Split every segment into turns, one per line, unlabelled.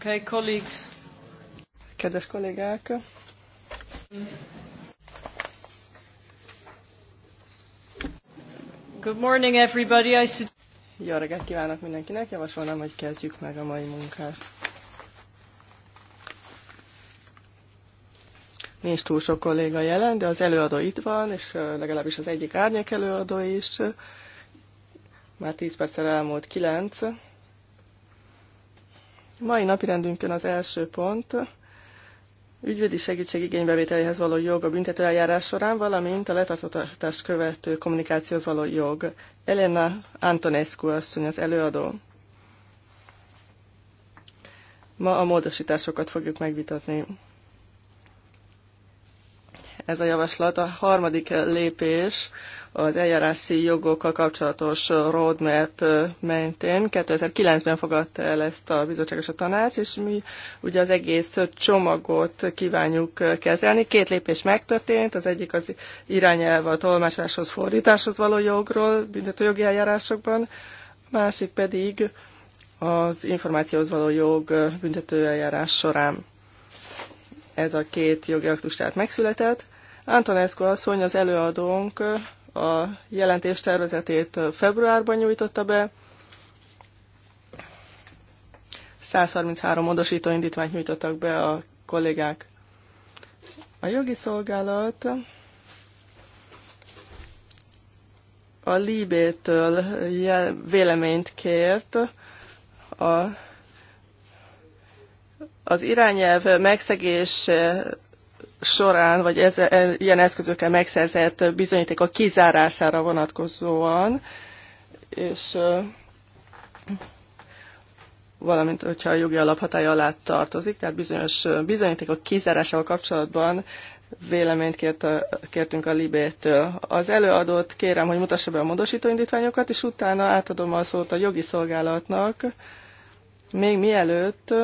Okay, colleagues. Kedves kollégák! Good morning, everybody. I should... Jó reggelt kívánok mindenkinek, javasolnám, hogy kezdjük meg a mai munkát. Nincs túl sok kolléga jelen, de az előadó itt van, és legalábbis az egyik árnyék előadó is. Már 10 perccel elmúlt 9. Mai napirendünkön az első pont ügyvédi segítségigénybevételéhez való jog a büntetőeljárás során, valamint a letartóztatást követő kommunikációhoz való jog. Elena Antonescu asszony az előadó. Ma a módosításokat fogjuk megvitatni ez a javaslat. A harmadik lépés az eljárási jogokkal kapcsolatos roadmap mentén. 2009-ben fogadta el ezt a bizottság és a tanács, és mi ugye az egész csomagot kívánjuk kezelni. Két lépés megtörtént, az egyik az irányelv a tolmácsáshoz, fordításhoz való jogról büntetőjogi eljárásokban, másik pedig az információhoz való jog büntetőeljárás során. Ez a két jogi aktus tehát megszületett, Antonescu asszony az előadónk a jelentés tervezetét februárban nyújtotta be, 133 módosító indítványt nyújtottak be a kollégák. A jogi szolgálat a Libétől véleményt kért a, az irányelv megszegése során, vagy ez, e, ilyen eszközökkel megszerzett bizonyíték a kizárására vonatkozóan, és valamint, hogyha a jogi alaphatája alá tartozik, tehát bizonyos bizonyíték a kizárásával kapcsolatban véleményt kért a, kértünk a Libétől. Az előadót kérem, hogy mutassa be a módosítóindítványokat, indítványokat, és utána átadom a szót a jogi szolgálatnak, még mielőtt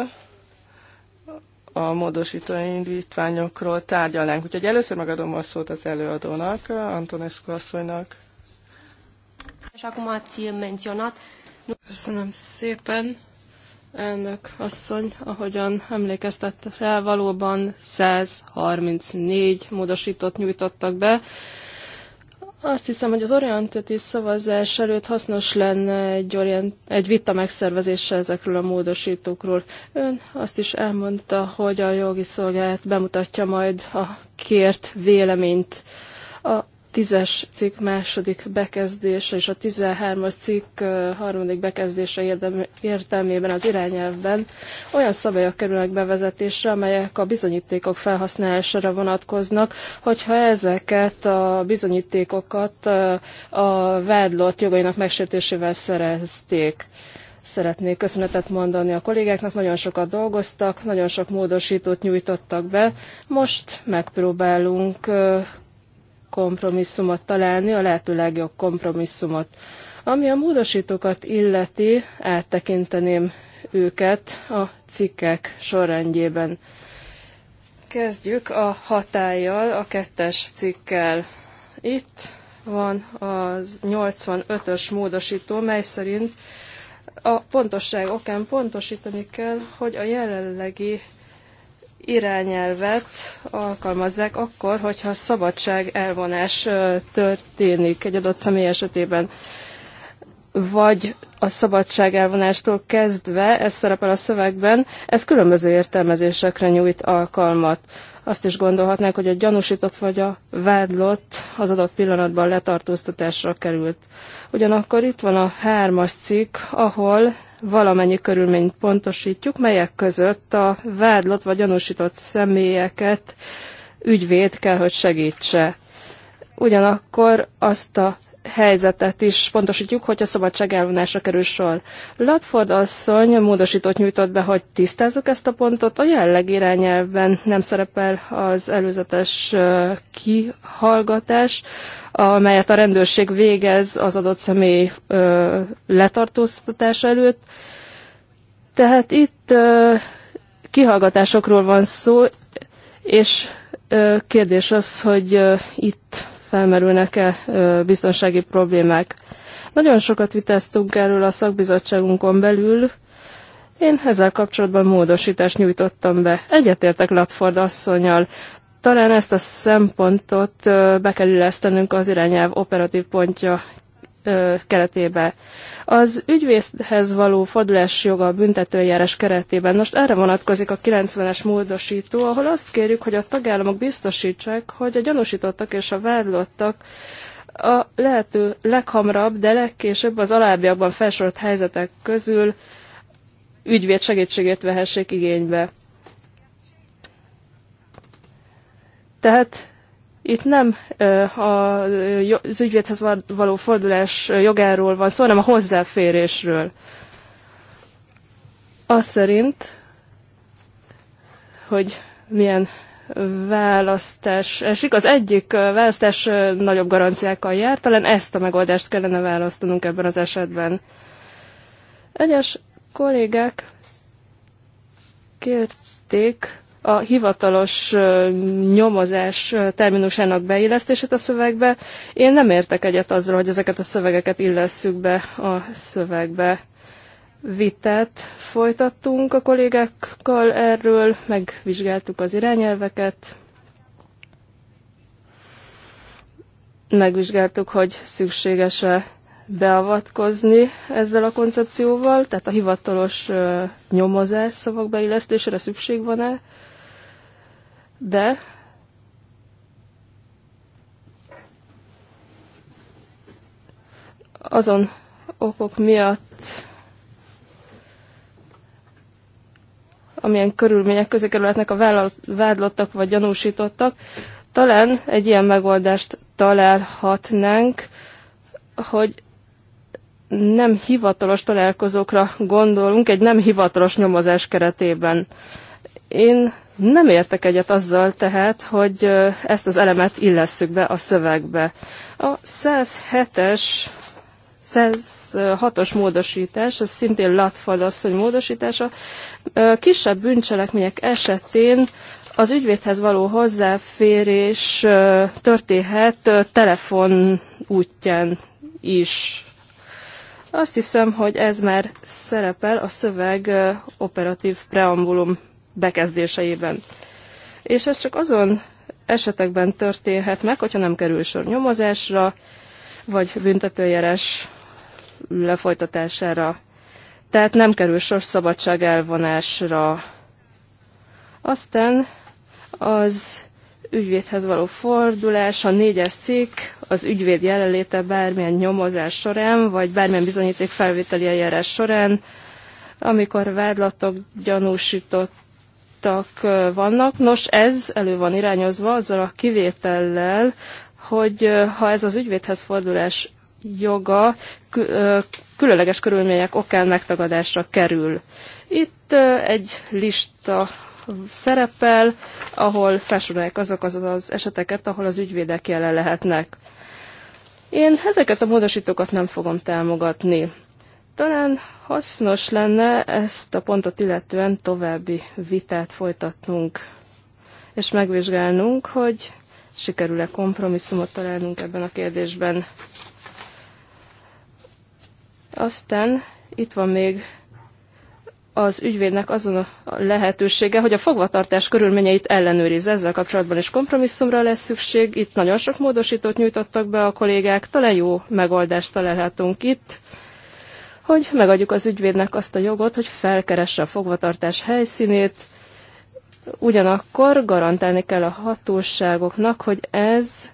a módosító indítványokról tárgyalnánk. Úgyhogy először megadom a szót az előadónak, Antonescu asszonynak.
Köszönöm szépen, elnök asszony, ahogyan emlékeztette fel, valóban 134 módosítót nyújtottak be azt hiszem, hogy az orientatív szavazás előtt hasznos lenne egy, orient, egy vita megszervezése ezekről a módosítókról. Ön azt is elmondta, hogy a jogi szolgálat bemutatja majd a kért véleményt. A 10 cikk második bekezdése és a 13-as cikk harmadik bekezdése értelmében az irányelvben olyan szabályok kerülnek bevezetésre, amelyek a bizonyítékok felhasználására vonatkoznak, hogyha ezeket a bizonyítékokat a vádlott jogainak megsértésével szerezték. Szeretnék köszönetet mondani a kollégáknak, nagyon sokat dolgoztak, nagyon sok módosítót nyújtottak be. Most megpróbálunk kompromisszumot találni, a lehető legjobb kompromisszumot. Ami a módosítókat illeti, áttekinteném őket a cikkek sorrendjében. Kezdjük a hatállyal, a kettes cikkel. Itt van az 85-ös módosító, mely szerint a pontosság okán pontosítani kell, hogy a jelenlegi irányelvet alkalmazzák akkor, hogyha szabadság elvonás történik egy adott személy esetében vagy a szabadság elvonástól kezdve, ez szerepel a szövegben, ez különböző értelmezésekre nyújt alkalmat. Azt is gondolhatnák, hogy a gyanúsított vagy a vádlott az adott pillanatban letartóztatásra került. Ugyanakkor itt van a hármas cikk, ahol valamennyi körülményt pontosítjuk, melyek között a vádlott vagy gyanúsított személyeket ügyvéd kell, hogy segítse. Ugyanakkor azt a helyzetet is pontosítjuk, hogy a szabadság elvonásra kerül sor. Latford asszony módosítót nyújtott be, hogy tisztázzuk ezt a pontot. A jelleg irányelvben nem szerepel az előzetes kihallgatás, amelyet a rendőrség végez az adott személy letartóztatás előtt. Tehát itt kihallgatásokról van szó, és kérdés az, hogy itt felmerülnek-e biztonsági problémák. Nagyon sokat viteztünk erről a szakbizottságunkon belül, én ezzel kapcsolatban módosítást nyújtottam be. Egyetértek Latford asszonyal. Talán ezt a szempontot be kell illesztenünk az irányelv operatív pontja keretébe. Az ügyvészhez való fordulás joga a büntetőjárás keretében. Most erre vonatkozik a 90-es módosító, ahol azt kérjük, hogy a tagállamok biztosítsák, hogy a gyanúsítottak és a vádlottak a lehető leghamarabb, de legkésőbb az alábbiakban felsorolt helyzetek közül ügyvéd segítségét vehessék igénybe. Tehát itt nem az ügyvédhez való fordulás jogáról van szó, hanem a hozzáférésről. Azt szerint, hogy milyen választás esik. Az egyik választás nagyobb garanciákkal jár, talán ezt a megoldást kellene választanunk ebben az esetben. Egyes kollégák kérték, a hivatalos nyomozás terminusának beillesztését a szövegbe. Én nem értek egyet azzal, hogy ezeket a szövegeket illesszük be a szövegbe. Vitát folytattunk a kollégákkal erről, megvizsgáltuk az irányelveket, megvizsgáltuk, hogy szükséges-e beavatkozni ezzel a koncepcióval, tehát a hivatalos nyomozás szavak beillesztésére szükség van-e, de azon okok miatt, amilyen körülmények közé kerülhetnek a vádlottak vagy gyanúsítottak, talán egy ilyen megoldást találhatnánk, hogy nem hivatalos találkozókra gondolunk egy nem hivatalos nyomozás keretében. Én nem értek egyet azzal tehát, hogy ezt az elemet illesszük be a szövegbe. A 107-es 106-os módosítás, ez szintén Latfal asszony módosítása, kisebb bűncselekmények esetén az ügyvédhez való hozzáférés történhet telefon útján is. Azt hiszem, hogy ez már szerepel a szöveg operatív preambulum bekezdéseiben. És ez csak azon esetekben történhet meg, hogyha nem kerül sor nyomozásra, vagy büntetőjeles lefolytatására. Tehát nem kerül sor szabadság elvonásra. Aztán az ügyvédhez való fordulás, a négyes cikk, az ügyvéd jelenléte bármilyen nyomozás során, vagy bármilyen bizonyíték felvételi eljárás során, amikor vádlatok, gyanúsított vitak vannak. Nos, ez elő van irányozva azzal a kivétellel, hogy ha ez az ügyvédhez fordulás joga különleges körülmények okán megtagadásra kerül. Itt egy lista szerepel, ahol felsorolják azok az, az eseteket, ahol az ügyvédek jelen lehetnek. Én ezeket a módosítókat nem fogom támogatni. Talán Hasznos lenne ezt a pontot illetően további vitát folytatnunk, és megvizsgálnunk, hogy sikerül-e kompromisszumot találnunk ebben a kérdésben. Aztán itt van még az ügyvédnek azon a lehetősége, hogy a fogvatartás körülményeit ellenőriz. Ezzel kapcsolatban is kompromisszumra lesz szükség. Itt nagyon sok módosítót nyújtottak be a kollégák, talán jó megoldást találhatunk itt hogy megadjuk az ügyvédnek azt a jogot, hogy felkeresse a fogvatartás helyszínét, ugyanakkor garantálni kell a hatóságoknak, hogy ez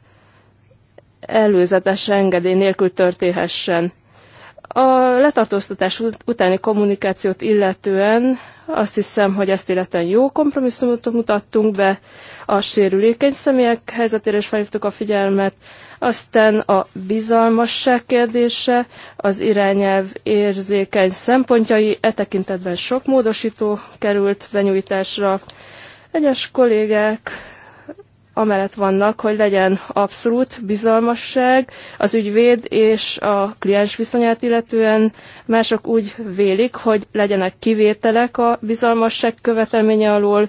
előzetes engedély nélkül történhessen. A letartóztatás utáni kommunikációt illetően azt hiszem, hogy ezt illetően jó kompromisszumot mutattunk be, a sérülékeny személyek helyzetére is felhívtuk a figyelmet, aztán a bizalmasság kérdése, az irányelv érzékeny szempontjai, e tekintetben sok módosító került benyújtásra. Egyes kollégák amellett vannak, hogy legyen abszolút bizalmasság az ügyvéd és a kliens viszonyát illetően. Mások úgy vélik, hogy legyenek kivételek a bizalmasság követelménye alól,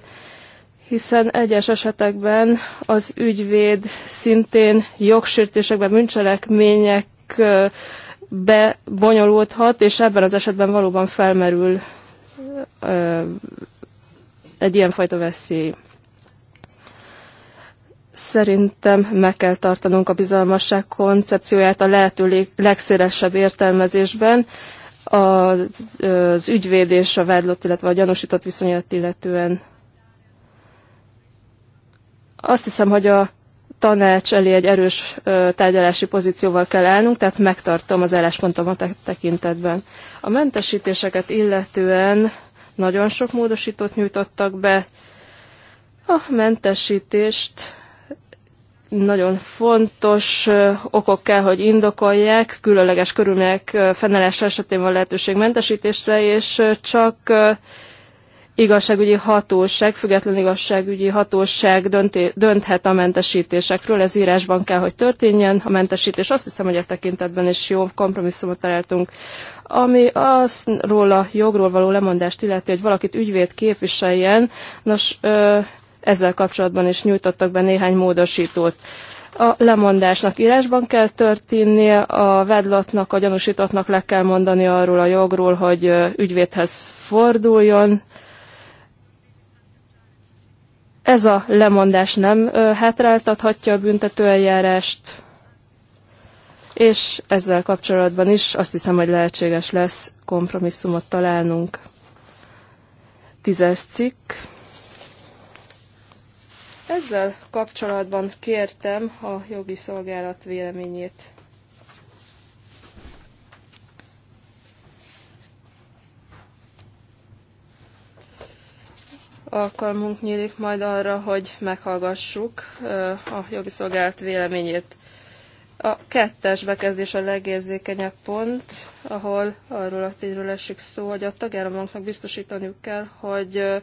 hiszen egyes esetekben az ügyvéd szintén jogsértésekben, bűncselekményekbe bonyolódhat, és ebben az esetben valóban felmerül egy ilyenfajta veszély. Szerintem meg kell tartanunk a bizalmasság koncepcióját a lehető legszélesebb értelmezésben, az, ügyvéd és a vádlott, illetve a gyanúsított viszonyát illetően. Azt hiszem, hogy a tanács elé egy erős tárgyalási pozícióval kell állnunk, tehát megtartom az álláspontomat e tekintetben. A mentesítéseket illetően nagyon sok módosítót nyújtottak be. A mentesítést nagyon fontos okok kell, hogy indokolják, különleges körülmények fennállása esetén van lehetőség mentesítésre, és csak igazságügyi hatóság, független igazságügyi hatóság dönti, dönthet a mentesítésekről. Ez írásban kell, hogy történjen a mentesítés. Azt hiszem, hogy a tekintetben is jó kompromisszumot találtunk. Ami azt róla jogról való lemondást illeti, hogy valakit ügyvéd képviseljen, nos, ezzel kapcsolatban is nyújtottak be néhány módosítót. A lemondásnak írásban kell történnie, a vedlatnak, a gyanúsítottnak le kell mondani arról a jogról, hogy ügyvédhez forduljon. Ez a lemondás nem hátráltathatja a büntetőeljárást, és ezzel kapcsolatban is azt hiszem, hogy lehetséges lesz kompromisszumot találnunk. Tízes cikk ezzel kapcsolatban kértem a jogi szolgálat véleményét. Alkalmunk nyílik majd arra, hogy meghallgassuk a jogi szolgálat véleményét. A kettes bekezdés a legérzékenyebb pont, ahol arról a tényről esik szó, hogy a tagállamoknak biztosítaniuk kell, hogy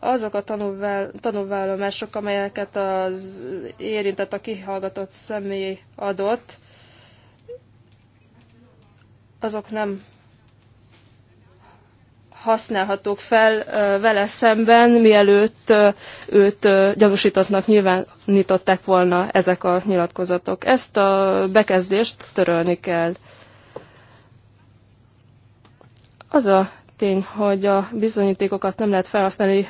azok a tanulvál, amelyeket az érintett, a kihallgatott személy adott, azok nem használhatók fel vele szemben, mielőtt őt gyanúsítottnak nyilvánították volna ezek a nyilatkozatok. Ezt a bekezdést törölni kell. Az a tény, hogy a bizonyítékokat nem lehet felhasználni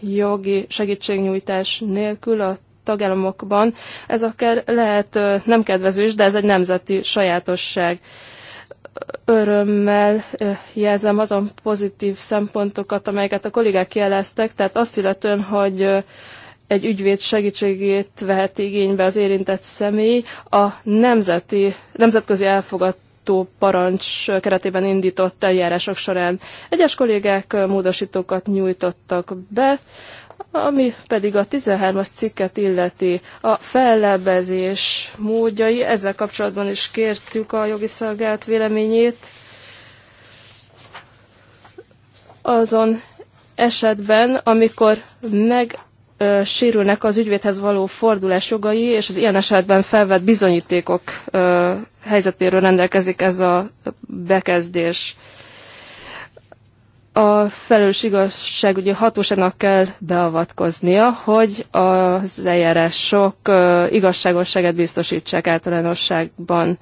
jogi segítségnyújtás nélkül a tagállamokban. Ez akár lehet nem kedvező is, de ez egy nemzeti sajátosság. Örömmel jelzem azon pozitív szempontokat, amelyeket a kollégák jeleztek, tehát azt illetően, hogy egy ügyvéd segítségét veheti igénybe az érintett személy a nemzeti, nemzetközi elfogadt módosító parancs keretében indított eljárások során. Egyes kollégák módosítókat nyújtottak be, ami pedig a 13-as cikket illeti a fellebezés módjai. Ezzel kapcsolatban is kértük a jogi szolgált véleményét. Azon esetben, amikor meg ö, sérülnek az ügyvédhez való fordulás jogai, és az ilyen esetben felvett bizonyítékok ö, helyzetéről rendelkezik ez a bekezdés. A felelős igazságügyi hatóságnak kell beavatkoznia, hogy az eljárások igazságosságát biztosítsák általánosságban.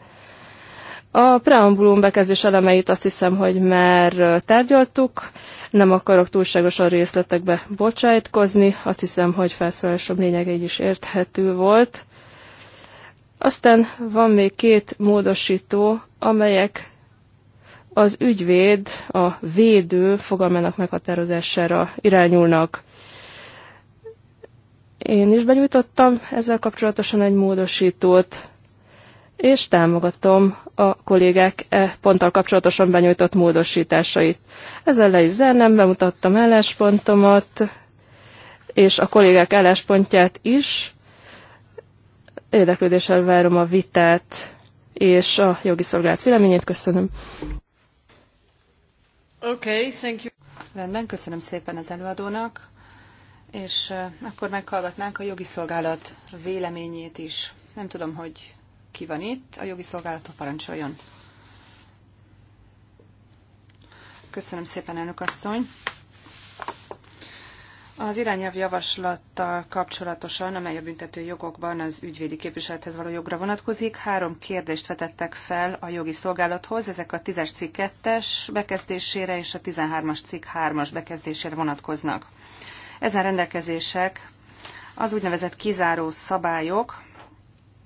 A preambulum bekezdés elemeit azt hiszem, hogy már tárgyaltuk, nem akarok túlságosan részletekbe bocsájtkozni, azt hiszem, hogy felszólásom lényege is érthető volt. Aztán van még két módosító, amelyek az ügyvéd, a védő fogalmának meghatározására irányulnak. Én is benyújtottam ezzel kapcsolatosan egy módosítót és támogatom a kollégák e ponttal kapcsolatosan benyújtott módosításait. Ezzel le is zennem, bemutattam álláspontomat, és a kollégák álláspontját is. Érdeklődéssel várom a vitát és a jogi szolgált véleményét. Köszönöm. Okay, thank you.
Rendben, köszönöm szépen az előadónak, és e, akkor meghallgatnánk a jogi szolgálat véleményét is. Nem tudom, hogy ki van itt, a jogi szolgálatok parancsoljon. Köszönöm szépen, elnök asszony. Az irányelv javaslattal kapcsolatosan, amely a büntető jogokban az ügyvédi képviselethez való jogra vonatkozik, három kérdést vetettek fel a jogi szolgálathoz. Ezek a 10-es cikk 2-es bekezdésére és a 13-as cikk 3-as bekezdésére vonatkoznak. Ezen rendelkezések az úgynevezett kizáró szabályok,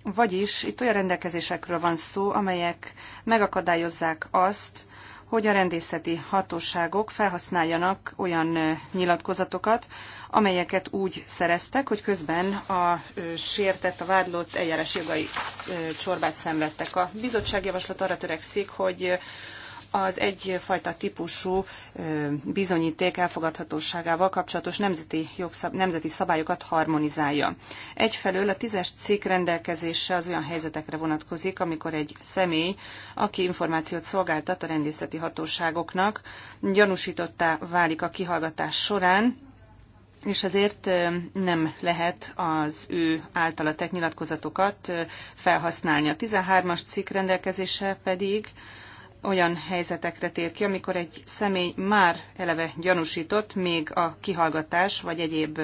vagyis itt olyan rendelkezésekről van szó, amelyek megakadályozzák azt, hogy a rendészeti hatóságok felhasználjanak olyan nyilatkozatokat, amelyeket úgy szereztek, hogy közben a sértett, a vádlott eljárás jogai csorbát szenvedtek. A bizottság javaslat arra törekszik, hogy az egyfajta típusú bizonyíték elfogadhatóságával kapcsolatos nemzeti, jogszab, nemzeti szabályokat harmonizálja. Egyfelől a tízes cikk rendelkezése az olyan helyzetekre vonatkozik, amikor egy személy, aki információt szolgáltat a rendészeti hatóságoknak, gyanúsítottá válik a kihallgatás során, és ezért nem lehet az ő általa tett nyilatkozatokat felhasználni. A 13-as cikk rendelkezése pedig olyan helyzetekre tér ki, amikor egy személy már eleve gyanúsított, még a kihallgatás vagy egyéb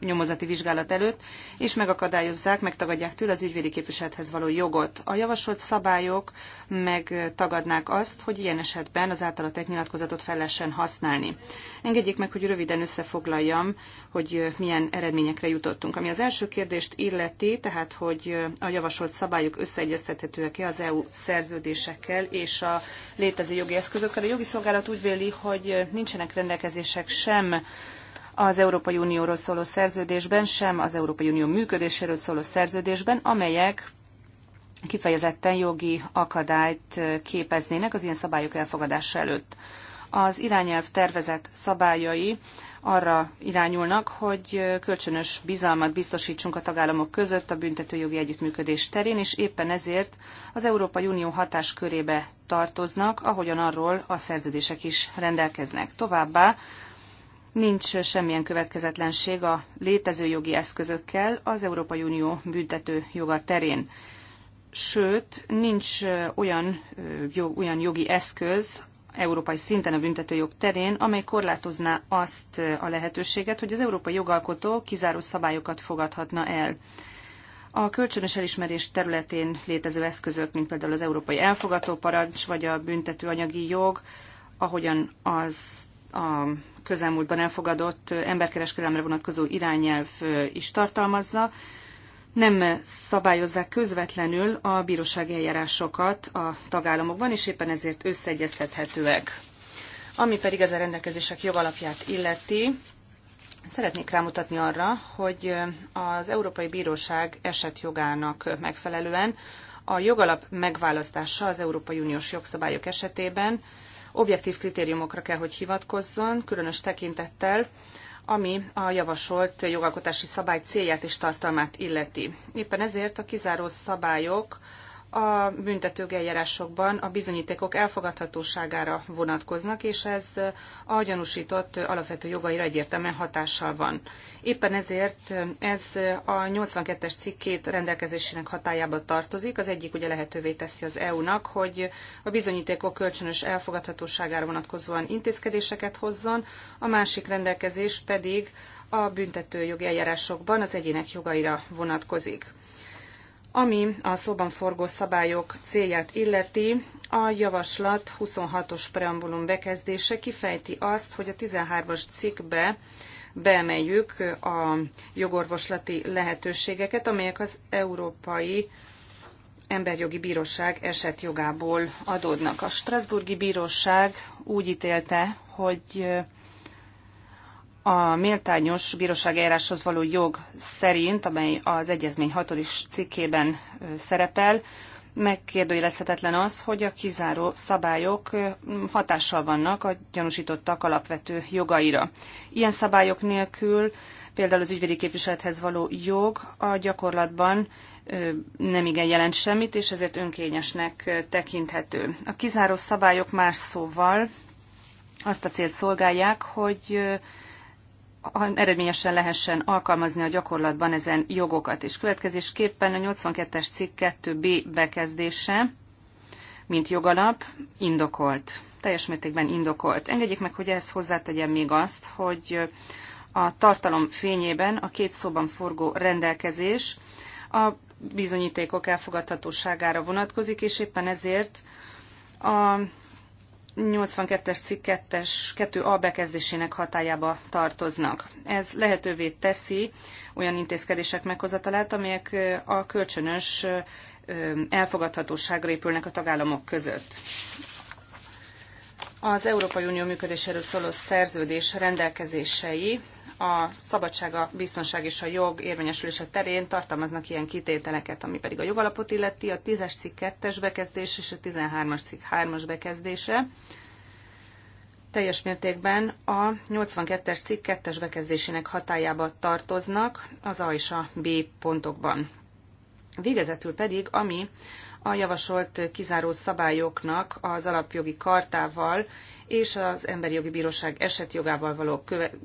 nyomozati vizsgálat előtt, és megakadályozzák, megtagadják tőle az ügyvédi képviselethez való jogot. A javasolt szabályok megtagadnák azt, hogy ilyen esetben az általa tett nyilatkozatot fel lehessen használni. Engedjék meg, hogy röviden összefoglaljam, hogy milyen eredményekre jutottunk. Ami az első kérdést illeti, tehát hogy a javasolt szabályok összeegyeztethetőek-e az EU szerződésekkel és a létező jogi eszközökkel. A jogi szolgálat úgy véli, hogy nincsenek rendelkezések sem az Európai Unióról szóló szerződésben, sem az Európai Unió működéséről szóló szerződésben, amelyek kifejezetten jogi akadályt képeznének az ilyen szabályok elfogadása előtt. Az irányelv tervezett szabályai arra irányulnak, hogy kölcsönös bizalmat biztosítsunk a tagállamok között a büntetőjogi együttműködés terén, és éppen ezért az Európai Unió hatáskörébe tartoznak, ahogyan arról a szerződések is rendelkeznek. Továbbá nincs semmilyen következetlenség a létező jogi eszközökkel az Európai Unió büntető joga terén. Sőt, nincs olyan, olyan jogi eszköz, európai szinten a büntetőjog terén, amely korlátozná azt a lehetőséget, hogy az európai jogalkotó kizáró szabályokat fogadhatna el. A kölcsönös elismerés területén létező eszközök, mint például az európai elfogató parancs, vagy a büntetőanyagi jog, ahogyan az a közelmúltban elfogadott emberkereskedelemre vonatkozó irányelv is tartalmazza, nem szabályozzák közvetlenül a bírósági eljárásokat a tagállamokban, és éppen ezért összeegyeztethetőek. Ami pedig a rendelkezések jogalapját illeti, Szeretnék rámutatni arra, hogy az Európai Bíróság esetjogának megfelelően a jogalap megválasztása az Európai Uniós jogszabályok esetében objektív kritériumokra kell, hogy hivatkozzon, különös tekintettel ami a javasolt jogalkotási szabály célját és tartalmát illeti. Éppen ezért a kizáró szabályok a büntetőgeljárásokban a bizonyítékok elfogadhatóságára vonatkoznak, és ez a gyanúsított alapvető jogaira egyértelműen hatással van. Éppen ezért ez a 82-es cikkét rendelkezésének hatájába tartozik. Az egyik ugye lehetővé teszi az EU-nak, hogy a bizonyítékok kölcsönös elfogadhatóságára vonatkozóan intézkedéseket hozzon, a másik rendelkezés pedig a büntetőjogi eljárásokban az egyének jogaira vonatkozik. Ami a szóban forgó szabályok célját illeti, a javaslat 26-os preambulum bekezdése kifejti azt, hogy a 13-as cikkbe beemeljük a jogorvoslati lehetőségeket, amelyek az Európai Emberjogi Bíróság esetjogából adódnak. A Strasburgi Bíróság úgy ítélte, hogy a méltányos bíróságeljáráshoz való jog szerint, amely az egyezmény hatodik cikkében szerepel, megkérdőjelezhetetlen az, hogy a kizáró szabályok hatással vannak a gyanúsítottak alapvető jogaira. Ilyen szabályok nélkül például az ügyvédi képviselethez való jog a gyakorlatban nem igen jelent semmit, és ezért önkényesnek tekinthető. A kizáró szabályok más szóval azt a célt szolgálják, hogy eredményesen lehessen alkalmazni a gyakorlatban ezen jogokat. És következésképpen a 82-es cikk 2b bekezdése, mint jogalap, indokolt. Teljes mértékben indokolt. Engedjék meg, hogy ehhez hozzátegyem még azt, hogy a tartalom fényében a két szóban forgó rendelkezés a bizonyítékok elfogadhatóságára vonatkozik, és éppen ezért a 82-es cikk 2-es 2A bekezdésének hatájába tartoznak. Ez lehetővé teszi olyan intézkedések meghozatalát, amelyek a kölcsönös elfogadhatóságra épülnek a tagállamok között. Az Európai Unió működéséről szóló szerződés rendelkezései a szabadság, a biztonság és a jog érvényesülése terén tartalmaznak ilyen kitételeket, ami pedig a jogalapot illeti, a 10-es cikk 2-es bekezdés és a 13-as cikk 3-as bekezdése. Teljes mértékben a 82-es cikk 2-es bekezdésének hatájába tartoznak az A és a B pontokban. Végezetül pedig, ami a javasolt kizáró szabályoknak az alapjogi kartával és az emberi jogi bíróság esetjogával való köve-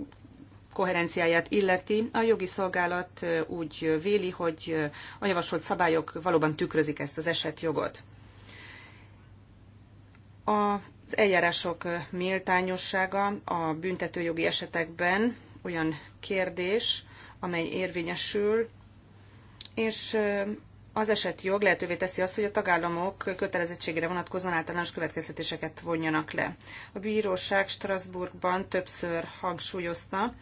koherenciáját illeti. A jogi szolgálat úgy véli, hogy a javasolt szabályok valóban tükrözik ezt az esetjogot. Az eljárások méltányossága a büntetőjogi esetekben olyan kérdés, amely érvényesül, és az eset jog lehetővé teszi azt, hogy a tagállamok kötelezettségére vonatkozóan általános következtetéseket vonjanak le. A bíróság Strasbourgban többször hangsúlyozta,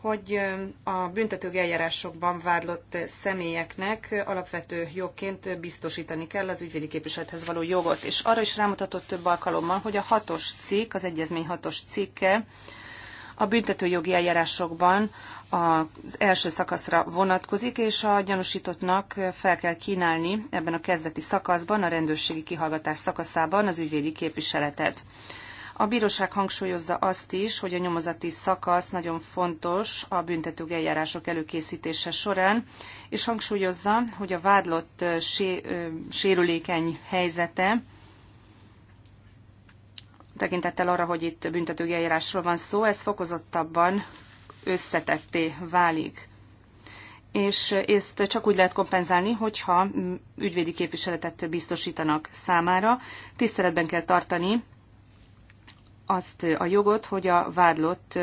hogy a büntető eljárásokban vádlott személyeknek alapvető jogként biztosítani kell az ügyvédi képviselethez való jogot. És arra is rámutatott több alkalommal, hogy a hatos cikk, az egyezmény hatos cikke a büntetőjogi eljárásokban az első szakaszra vonatkozik, és a gyanúsítottnak fel kell kínálni ebben a kezdeti szakaszban, a rendőrségi kihallgatás szakaszában az ügyvédi képviseletet. A bíróság hangsúlyozza azt is, hogy a nyomozati szakasz nagyon fontos a büntető eljárások előkészítése során, és hangsúlyozza, hogy a vádlott sérülékeny helyzete, tekintettel arra, hogy itt büntető eljárásról van szó, ez fokozottabban összetetté válik. És ezt csak úgy lehet kompenzálni, hogyha ügyvédi képviseletet biztosítanak számára. Tiszteletben kell tartani azt a jogot, hogy a vádlott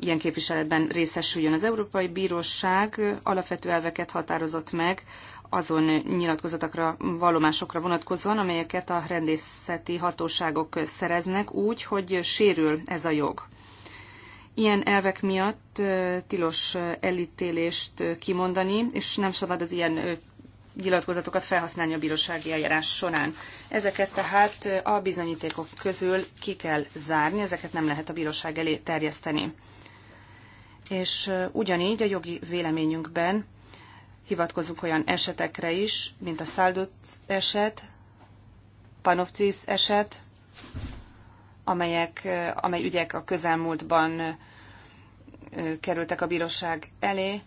ilyen képviseletben részesüljön. Az Európai Bíróság alapvető elveket határozott meg azon nyilatkozatokra, vallomásokra vonatkozóan, amelyeket a rendészeti hatóságok szereznek úgy, hogy sérül ez a jog. Ilyen elvek miatt tilos elítélést kimondani, és nem szabad az ilyen nyilatkozatokat felhasználni a bírósági eljárás során. Ezeket tehát a bizonyítékok közül ki kell zárni, ezeket nem lehet a bíróság elé terjeszteni. És ugyanígy a jogi véleményünkben hivatkozunk olyan esetekre is, mint a Száldott eset, Panovcis eset, amelyek, amely ügyek a közelmúltban kerültek a bíróság elé,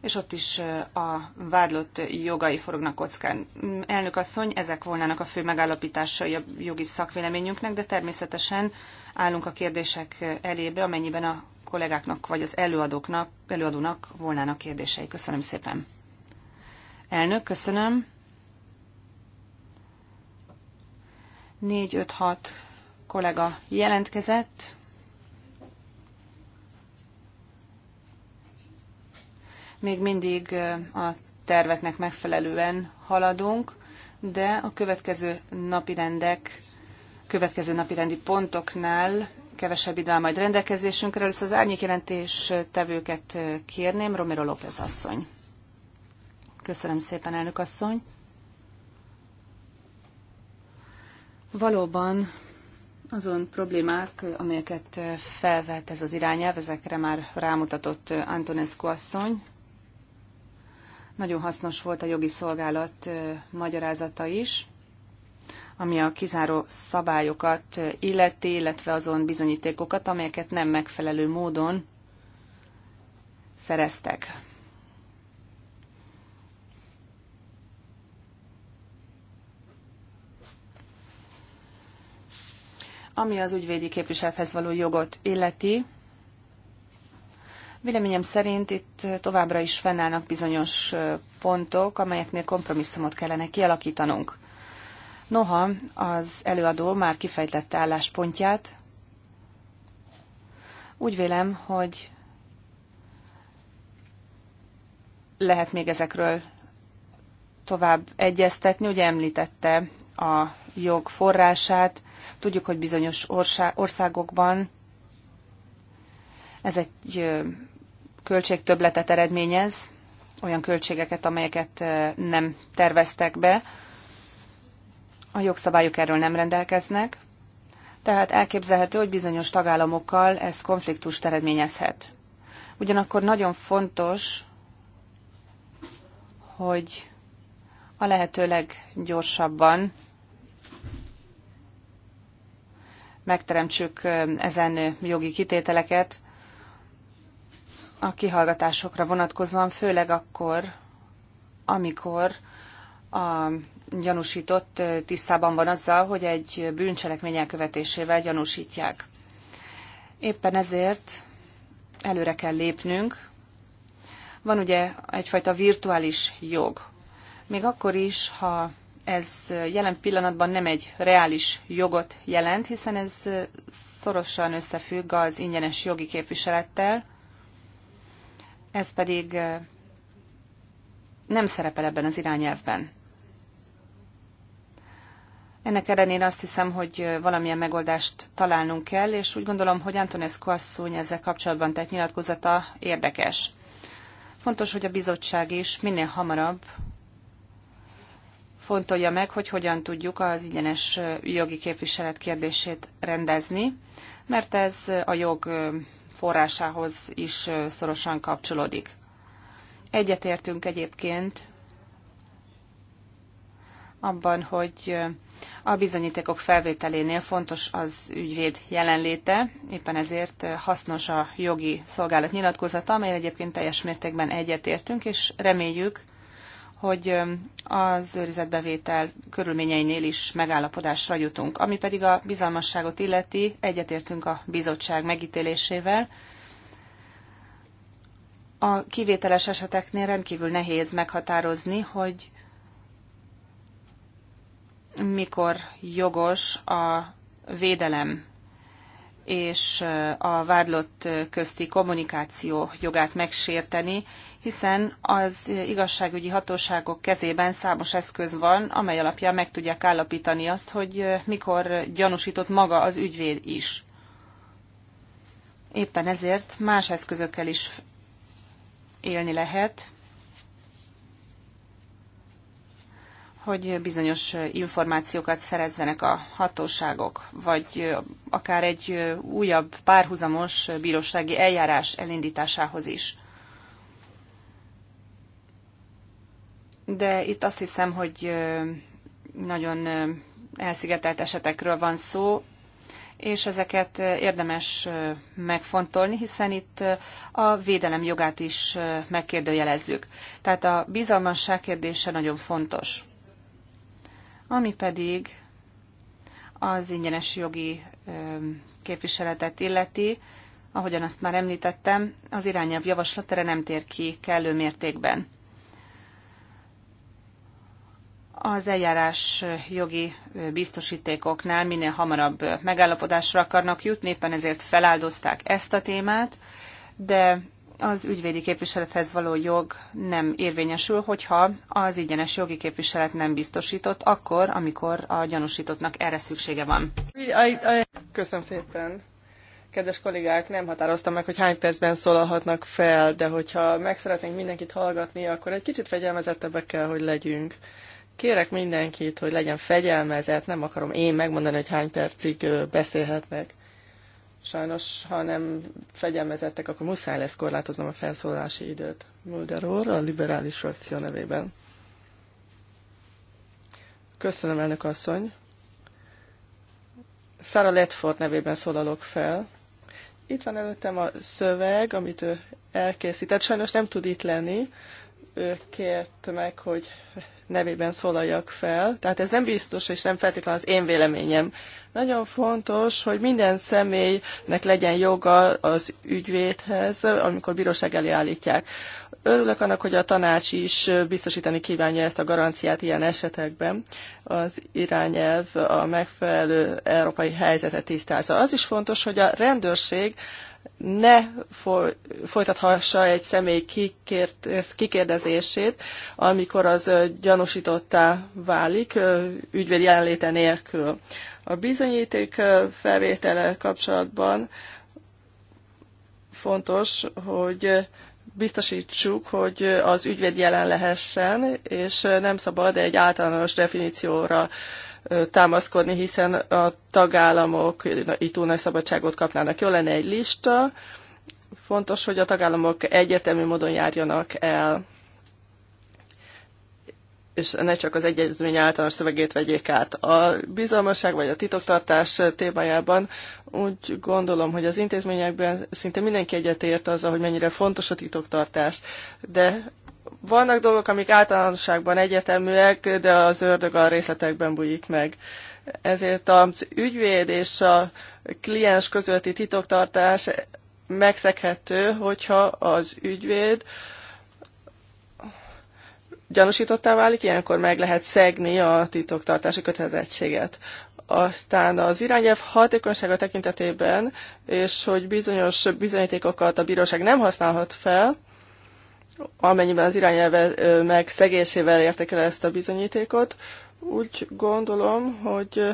és ott is a vádlott jogai forognak kockán. Mm, elnök asszony, ezek volnának a fő megállapításai a jogi szakvéleményünknek, de természetesen állunk a kérdések elébe, amennyiben a kollégáknak vagy az előadóknak, előadónak volnának kérdései. Köszönöm szépen. Elnök, köszönöm. 4, 5, 6, kollega jelentkezett. Még mindig a terveknek megfelelően haladunk, de a következő napi rendek, következő napi rendi pontoknál kevesebb idő majd rendelkezésünkre. Először az jelentés tevőket kérném, Romero López asszony. Köszönöm szépen, elnök asszony. Valóban azon problémák, amelyeket felvet ez az irányelv, ezekre már rámutatott Antonescu asszony. Nagyon hasznos volt a jogi szolgálat magyarázata is, ami a kizáró szabályokat illeti, illetve azon bizonyítékokat, amelyeket nem megfelelő módon szereztek. Ami az ügyvédi képviselethez való jogot illeti, véleményem szerint itt továbbra is fennállnak bizonyos pontok, amelyeknél kompromisszumot kellene kialakítanunk. Noha az előadó már kifejtette álláspontját, úgy vélem, hogy lehet még ezekről tovább egyeztetni. Ugye említette a jog forrását. Tudjuk, hogy bizonyos országokban ez egy költségtöbletet eredményez, olyan költségeket, amelyeket nem terveztek be. A jogszabályok erről nem rendelkeznek, tehát elképzelhető, hogy bizonyos tagállamokkal ez konfliktust eredményezhet. Ugyanakkor nagyon fontos, hogy a lehető leggyorsabban megteremtsük ezen jogi kitételeket a kihallgatásokra vonatkozóan, főleg akkor, amikor a gyanúsított tisztában van azzal, hogy egy bűncselekmény elkövetésével gyanúsítják. Éppen ezért előre kell lépnünk. Van ugye egyfajta virtuális jog. Még akkor is, ha ez jelen pillanatban nem egy reális jogot jelent, hiszen ez szorosan összefügg az ingyenes jogi képviselettel, ez pedig nem szerepel ebben az irányelvben. Ennek ellenére azt hiszem, hogy valamilyen megoldást találnunk kell, és úgy gondolom, hogy Antonescu asszony ezzel kapcsolatban tett nyilatkozata érdekes. Fontos, hogy a bizottság is minél hamarabb fontolja meg, hogy hogyan tudjuk az ingyenes jogi képviselet kérdését rendezni, mert ez a jog forrásához is szorosan kapcsolódik. Egyetértünk egyébként abban, hogy a bizonyítékok felvételénél fontos az ügyvéd jelenléte, éppen ezért hasznos a jogi szolgálat nyilatkozata, amely egyébként teljes mértékben egyetértünk, és reméljük, hogy az őrizetbevétel körülményeinél is megállapodásra jutunk. Ami pedig a bizalmasságot illeti, egyetértünk a bizottság megítélésével. A kivételes eseteknél rendkívül nehéz meghatározni, hogy mikor jogos a védelem és a vádlott közti kommunikáció jogát megsérteni, hiszen az igazságügyi hatóságok kezében számos eszköz van, amely alapján meg tudják állapítani azt, hogy mikor gyanúsított maga az ügyvéd is. Éppen ezért más eszközökkel is élni lehet, hogy bizonyos információkat szerezzenek a hatóságok, vagy akár egy újabb párhuzamos bírósági eljárás elindításához is. De itt azt hiszem, hogy nagyon elszigetelt esetekről van szó, és ezeket érdemes megfontolni, hiszen itt a védelem jogát is megkérdőjelezzük. Tehát a bizalmasság kérdése nagyon fontos. Ami pedig az ingyenes jogi képviseletet illeti, ahogyan azt már említettem, az irányelv javaslat nem tér ki kellő mértékben. Az eljárás jogi biztosítékoknál minél hamarabb megállapodásra akarnak jutni, éppen ezért feláldozták ezt a témát, de az ügyvédi képviselethez való jog nem érvényesül, hogyha az ingyenes jogi képviselet nem biztosított, akkor, amikor a gyanúsítottnak erre szüksége van.
Köszönöm szépen. Kedves kollégák, nem határoztam meg, hogy hány percben szólalhatnak fel, de hogyha meg szeretnénk mindenkit hallgatni, akkor egy kicsit fegyelmezettebbek kell, hogy legyünk. Kérek mindenkit, hogy legyen fegyelmezett, nem akarom én megmondani, hogy hány percig beszélhetnek. Sajnos, ha nem fegyelmezettek, akkor muszáj lesz korlátoznom a felszólalási időt. Mulder úr, a liberális frakció nevében. Köszönöm, elnök asszony. Sarah Ledford nevében szólalok fel. Itt van előttem a szöveg, amit ő elkészített. Sajnos nem tud itt lenni. Ő kért meg, hogy nevében szólaljak fel. Tehát ez nem biztos, és nem feltétlenül az én véleményem. Nagyon fontos, hogy minden személynek legyen joga az ügyvédhez, amikor bíróság elé állítják. Örülök annak, hogy a tanács is biztosítani kívánja ezt a garanciát ilyen esetekben. Az irányelv a megfelelő európai helyzetet tisztázza. Az is fontos, hogy a rendőrség ne folytathassa egy személy kikérdezését, amikor az gyanúsítottá válik ügyvéd jelenléte nélkül. A bizonyíték felvétele kapcsolatban fontos, hogy biztosítsuk, hogy az ügyvéd jelen lehessen, és nem szabad egy általános definícióra támaszkodni, hiszen a tagállamok itt ne szabadságot kapnának. Jó lenne egy lista, fontos, hogy a tagállamok egyértelmű módon járjanak el, és ne csak az egyezmény általános szövegét vegyék át. A bizalmasság vagy a titoktartás témájában úgy gondolom, hogy az intézményekben szinte mindenki egyetért azzal, hogy mennyire fontos a titoktartás, de vannak dolgok, amik általánosságban egyértelműek, de az ördög a részletekben bújik meg. Ezért az ügyvéd és a kliens közötti titoktartás megszeghető, hogyha az ügyvéd gyanúsítottá válik, ilyenkor meg lehet szegni a titoktartási kötelezettséget. Aztán az irányelv hatékonysága tekintetében, és hogy bizonyos bizonyítékokat a bíróság nem használhat fel, amennyiben az irányelve szegésével értek el ezt a bizonyítékot. Úgy gondolom, hogy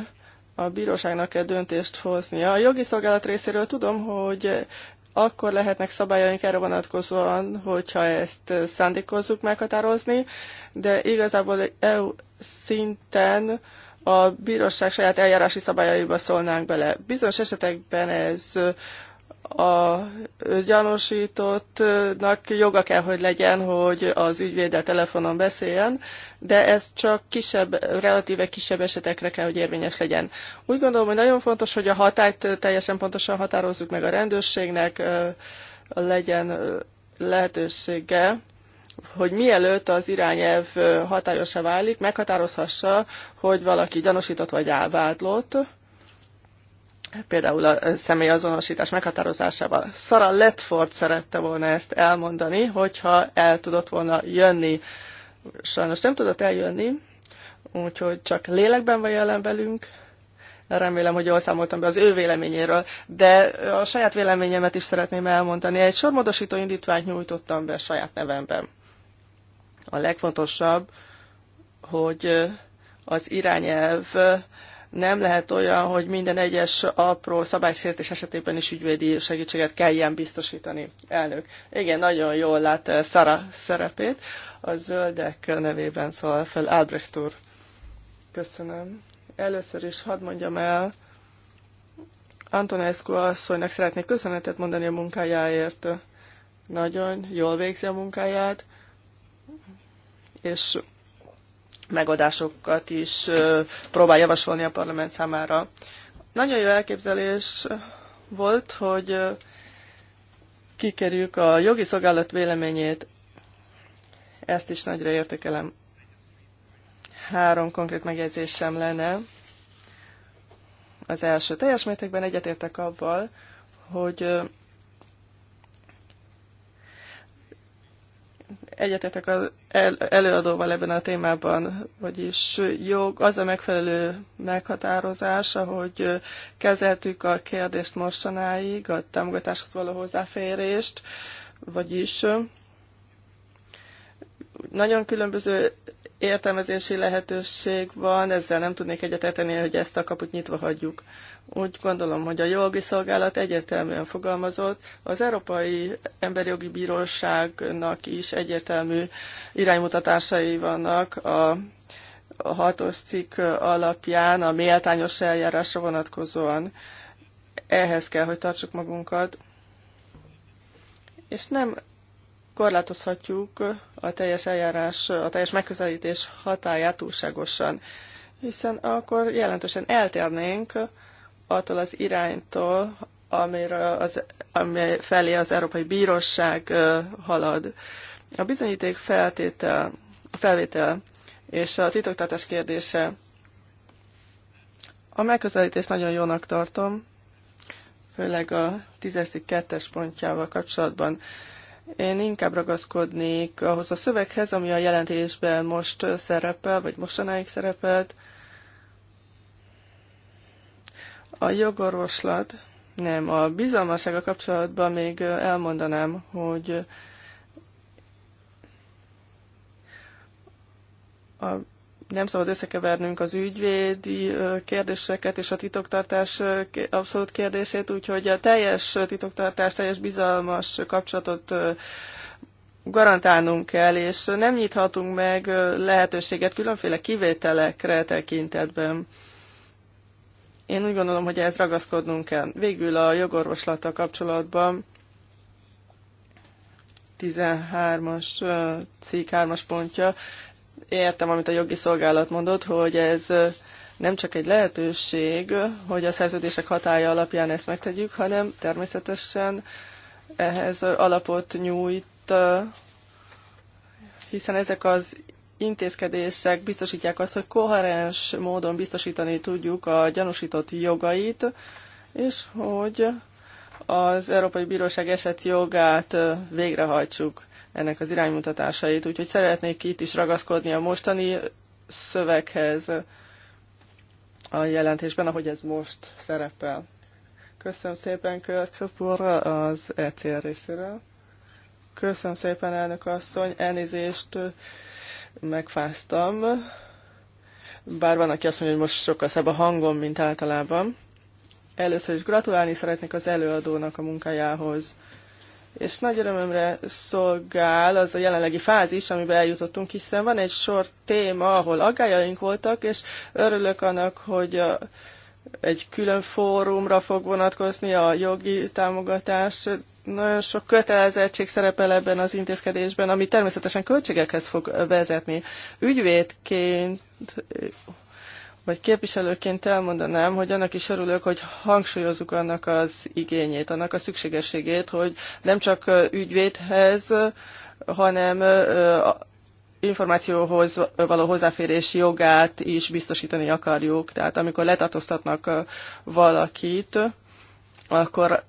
a bíróságnak kell döntést hoznia. A jogi szolgálat részéről tudom, hogy akkor lehetnek szabályaink erre vonatkozóan, hogyha ezt szándékozzuk meghatározni, de igazából EU szinten a bíróság saját eljárási szabályaiba szólnánk bele. Bizonyos esetekben ez a gyanúsítottnak joga kell, hogy legyen, hogy az ügyvéddel telefonon beszéljen, de ez csak kisebb, relatíve kisebb esetekre kell, hogy érvényes legyen. Úgy gondolom, hogy nagyon fontos, hogy a hatályt teljesen pontosan határozzuk meg a rendőrségnek, legyen lehetősége, hogy mielőtt az irányelv hatályosá válik, meghatározhassa, hogy valaki gyanúsított vagy vádlott, például a személyazonosítás meghatározásával. Sara Letford szerette volna ezt elmondani, hogyha el tudott volna jönni. Sajnos nem tudott eljönni, úgyhogy csak lélekben van jelen velünk. Remélem, hogy jól számoltam be az ő véleményéről, de a saját véleményemet is szeretném elmondani. Egy sormodosító indítványt nyújtottam be saját nevemben. A legfontosabb, hogy az irányelv nem lehet olyan, hogy minden egyes apró szabálysértés esetében is ügyvédi segítséget kelljen biztosítani. Elnök. Igen, nagyon jól lát eh, Szara szerepét. A zöldek nevében szól fel Albrecht úr. Köszönöm. Először is hadd mondjam el, Antonescu asszonynak szeretnék köszönetet mondani a munkájáért. Nagyon jól végzi a munkáját, és megoldásokat is próbál javasolni a parlament számára. Nagyon jó elképzelés volt, hogy kikerüljük a jogi szolgálat véleményét. Ezt is nagyra értékelem. Három konkrét megjegyzésem lenne. Az első, teljes mértékben egyetértek abban, hogy egyetetek az el, előadóval ebben a témában, vagyis jog az a megfelelő meghatározás, ahogy kezeltük a kérdést mostanáig, a támogatáshoz való hozzáférést, vagyis nagyon különböző értelmezési lehetőség van, ezzel nem tudnék egyetérteni, hogy ezt a kaput nyitva hagyjuk. Úgy gondolom, hogy a jogi szolgálat egyértelműen fogalmazott, az Európai Emberi Jogi Bíróságnak is egyértelmű iránymutatásai vannak a a hatos cikk alapján a méltányos eljárásra vonatkozóan. Ehhez kell, hogy tartsuk magunkat. És nem korlátozhatjuk a teljes eljárás, a teljes megközelítés hatáját túlságosan, hiszen akkor jelentősen eltérnénk attól az iránytól, amire az, amely felé az Európai Bíróság halad. A bizonyíték feltétel, felvétel és a titoktartás kérdése. A megközelítést nagyon jónak tartom, főleg a 10.2-es pontjával kapcsolatban. Én inkább ragaszkodnék ahhoz a szöveghez, ami a jelentésben most szerepel, vagy mostanáig szerepelt. A jogorvoslat, nem, a bizalmassága kapcsolatban még elmondanám, hogy a nem szabad összekevernünk az ügyvédi kérdéseket és a titoktartás abszolút kérdését, úgyhogy a teljes titoktartás, teljes bizalmas kapcsolatot garantálnunk kell, és nem nyithatunk meg lehetőséget különféle kivételekre tekintetben. Én úgy gondolom, hogy ehhez ragaszkodnunk kell. Végül a jogorvoslattal kapcsolatban 13-as cikk 3-as pontja értem, amit a jogi szolgálat mondott, hogy ez nem csak egy lehetőség, hogy a szerződések hatája alapján ezt megtegyük, hanem természetesen ehhez alapot nyújt, hiszen ezek az intézkedések biztosítják azt, hogy koherens módon biztosítani tudjuk a gyanúsított jogait, és hogy az Európai Bíróság eset jogát végrehajtsuk ennek az iránymutatásait. Úgyhogy szeretnék itt is ragaszkodni a mostani szöveghez a jelentésben, ahogy ez most szerepel. Köszönöm szépen Körköpúr az ECR részéről. Köszönöm szépen, elnök asszony, elnézést, megfáztam. Bár van, aki azt mondja, hogy most sokkal szebb a hangom, mint általában. Először is gratulálni szeretnék az előadónak a munkájához és nagy örömömre szolgál az a jelenlegi fázis, amiben eljutottunk, hiszen van egy sor téma, ahol aggájaink voltak, és örülök annak, hogy egy külön fórumra fog vonatkozni a jogi támogatás. Nagyon sok kötelezettség szerepel ebben az intézkedésben, ami természetesen költségekhez fog vezetni. Ügyvédként vagy képviselőként elmondanám, hogy annak is örülök, hogy hangsúlyozzuk annak az igényét, annak a szükségességét, hogy nem csak ügyvédhez, hanem információhoz való hozzáférési jogát is biztosítani akarjuk. Tehát amikor letartóztatnak valakit, akkor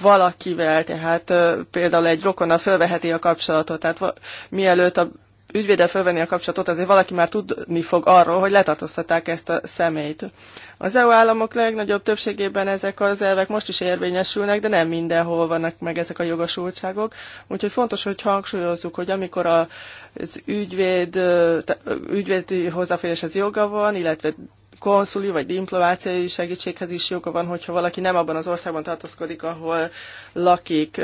valakivel, tehát például egy rokona felveheti a kapcsolatot. Tehát mielőtt a ügyvédel felvenni a kapcsolatot, azért valaki már tudni fog arról, hogy letartóztatták ezt a személyt. Az EU államok legnagyobb többségében ezek az elvek most is érvényesülnek, de nem mindenhol vannak meg ezek a jogosultságok. Úgyhogy fontos, hogy hangsúlyozzuk, hogy amikor az ügyvéd, ügyvédi hozzáféréshez joga van, illetve konszuli vagy diplomáciai segítséghez is joga van, hogyha valaki nem abban az országban tartózkodik, ahol lakik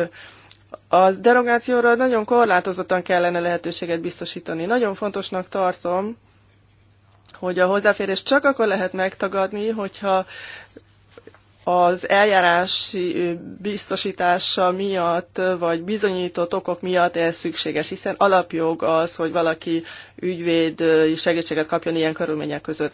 a derogációra nagyon korlátozottan kellene lehetőséget biztosítani. Nagyon fontosnak tartom, hogy a hozzáférés csak akkor lehet megtagadni, hogyha az eljárási biztosítása miatt, vagy bizonyított okok miatt ez szükséges, hiszen alapjog az, hogy valaki ügyvéd segítséget kapjon ilyen körülmények között.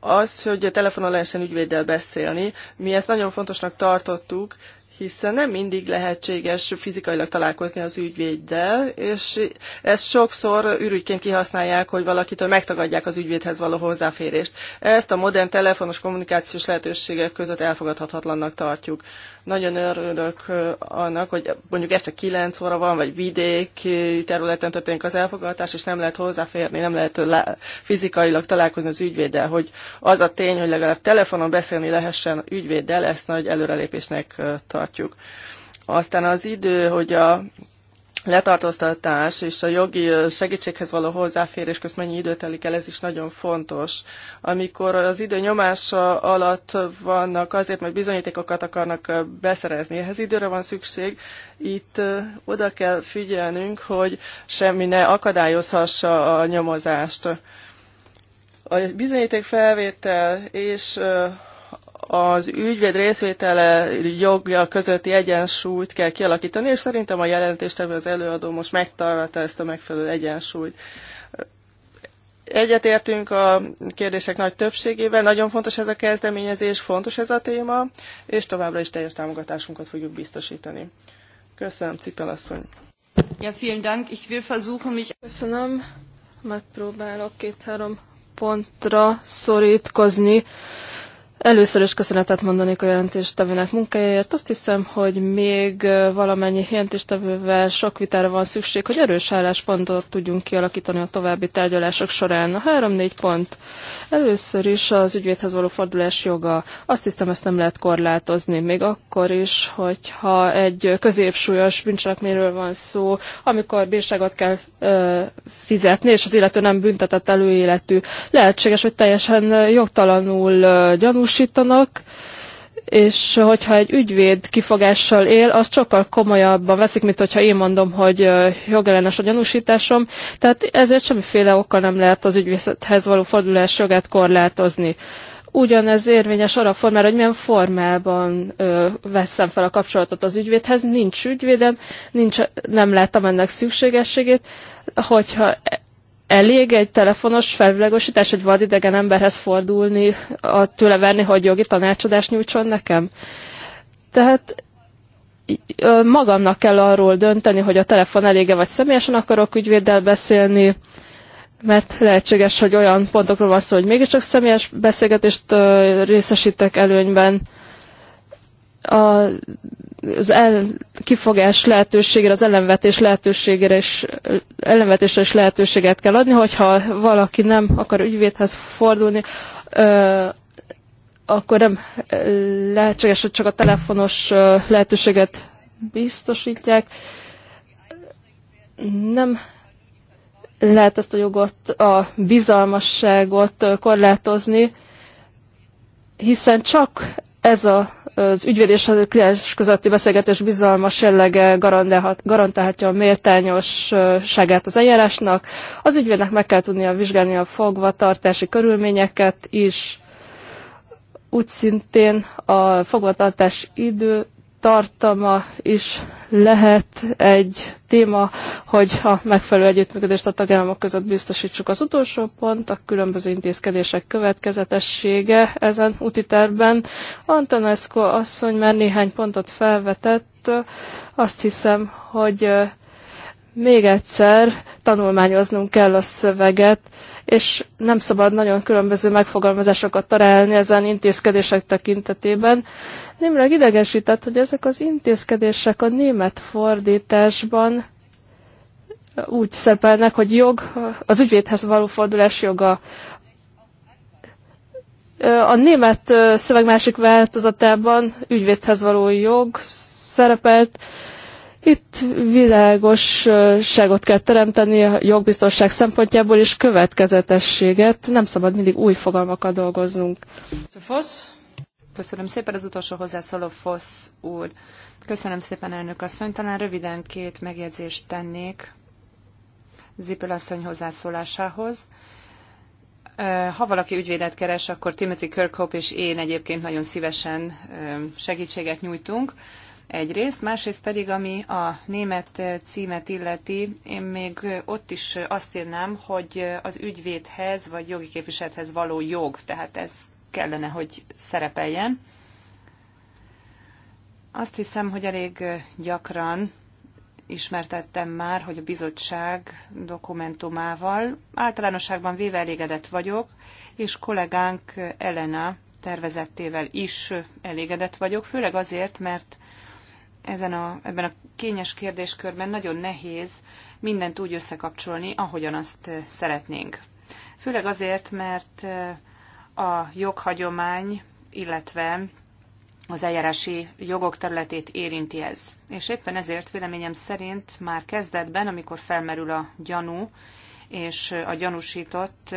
Az, hogy a telefonon lehessen ügyvéddel beszélni, mi ezt nagyon fontosnak tartottuk, hiszen nem mindig lehetséges fizikailag találkozni az ügyvéddel, és ezt sokszor ürügyként kihasználják, hogy valakitől megtagadják az ügyvédhez való hozzáférést. Ezt a modern telefonos kommunikációs lehetőségek között elfogadhatatlannak tartjuk. Nagyon örülök annak, hogy mondjuk este 9 óra van, vagy vidék területen történik az elfogadás, és nem lehet hozzáférni, nem lehet fizikailag találkozni az ügyvéddel, hogy az a tény, hogy legalább telefonon beszélni lehessen ügyvéddel, ezt nagy előrelépésnek tartjuk. Aztán az idő, hogy a letartóztatás és a jogi segítséghez való hozzáférés közt mennyi idő telik el, ez is nagyon fontos. Amikor az idő nyomása alatt vannak azért, mert bizonyítékokat akarnak beszerezni, ehhez időre van szükség, itt oda kell figyelnünk, hogy semmi ne akadályozhassa a nyomozást. A bizonyíték felvétel és az ügyvéd részvétele jogja közötti egyensúlyt kell kialakítani, és szerintem a jelentéstevő az előadó most megtalálta ezt a megfelelő egyensúlyt. Egyetértünk a kérdések nagy többségével, nagyon fontos ez a kezdeményezés, fontos ez a téma, és továbbra is teljes támogatásunkat fogjuk biztosítani. Köszönöm, Cipel asszony.
Ja, vielen Dank. Ich will versuchen, mich... Köszönöm. Megpróbálok két-három pontra szorítkozni Először is köszönetet mondanék a jelentéstevőnek munkájáért. Azt hiszem, hogy még valamennyi jelentéstevővel sok vitára van szükség, hogy erős álláspontot tudjunk kialakítani a további tárgyalások során. A 3-4 pont. Először is az ügyvédhez való fordulás joga. Azt hiszem, ezt nem lehet korlátozni, még akkor is, hogyha egy középsúlyos bűncselekményről van szó, amikor bírságot kell ö, fizetni, és az illető nem büntetett előéletű. Lehetséges, hogy teljesen jogtalanul ö, gyanús tanúsítanak, és hogyha egy ügyvéd kifogással él, az sokkal komolyabban veszik, mint hogyha én mondom, hogy jogellenes a gyanúsításom, tehát ezért semmiféle oka nem lehet az ügyvédhez való fordulás jogát korlátozni. Ugyanez érvényes arra formára, hogy milyen formában ö, veszem fel a kapcsolatot az ügyvédhez. Nincs ügyvédem, nincs, nem láttam ennek szükségességét. Hogyha elég egy telefonos felvilágosítás, egy vadidegen emberhez fordulni, a, tőle verni, hogy jogi tanácsadást nyújtson nekem? Tehát magamnak kell arról dönteni, hogy a telefon elége, vagy személyesen akarok ügyvéddel beszélni, mert lehetséges, hogy olyan pontokról van szó, hogy mégiscsak személyes beszélgetést részesítek előnyben, a, az el, kifogás lehetőségére, az ellenvetés lehetőségére és ellenvetésre is lehetőséget kell adni, hogyha valaki nem akar ügyvédhez fordulni, ö, akkor nem lehetséges, hogy csak a telefonos lehetőséget biztosítják. Nem lehet ezt a jogot, a bizalmasságot korlátozni, hiszen csak ez a az ügyvéd és a kliens közötti beszélgetés bizalmas jellege garantálhatja a méltányosságát az eljárásnak. Az ügyvédnek meg kell tudnia vizsgálni a fogvatartási körülményeket is, úgy szintén a fogvatartás idő tartama is lehet egy téma, hogy a megfelelő együttműködést a tagállamok között biztosítsuk. Az utolsó pont a különböző intézkedések következetessége ezen tervben. Antonesco asszony már néhány pontot felvetett. Azt hiszem, hogy még egyszer tanulmányoznunk kell a szöveget, és nem szabad nagyon különböző megfogalmazásokat találni ezen intézkedések tekintetében. Némileg idegesített, hogy ezek az intézkedések a német fordításban úgy szerepelnek, hogy jog, az ügyvédhez való fordulás joga. A német szöveg másik változatában ügyvédhez való jog szerepelt, itt világosságot kell teremteni a jogbiztonság szempontjából, és következetességet. Nem szabad mindig új fogalmakkal dolgoznunk. Fosz?
Köszönöm szépen az utolsó hozzászóló Fosz úr. Köszönöm szépen, elnök asszony. Talán röviden két megjegyzést tennék Zipel asszony hozzászólásához. Ha valaki ügyvédet keres, akkor Timothy Kirkhope és én egyébként nagyon szívesen segítséget nyújtunk egyrészt, másrészt pedig, ami a német eh, címet illeti, én még eh, ott is eh, azt írnám, hogy az ügyvédhez vagy jogi képviselethez való jog, tehát ez kellene, hogy szerepeljen. Azt hiszem, hogy elég gyakran ismertettem már, hogy a bizottság dokumentumával általánosságban véve elégedett vagyok, és kollégánk Elena tervezettével is elégedett vagyok, főleg azért, mert ezen a, ebben a kényes kérdéskörben nagyon nehéz mindent úgy összekapcsolni, ahogyan azt eh, szeretnénk. Főleg azért, mert eh, a joghagyomány, illetve az eljárási jogok területét érinti ez. És éppen ezért véleményem szerint már kezdetben, amikor felmerül a gyanú, és eh, a gyanúsított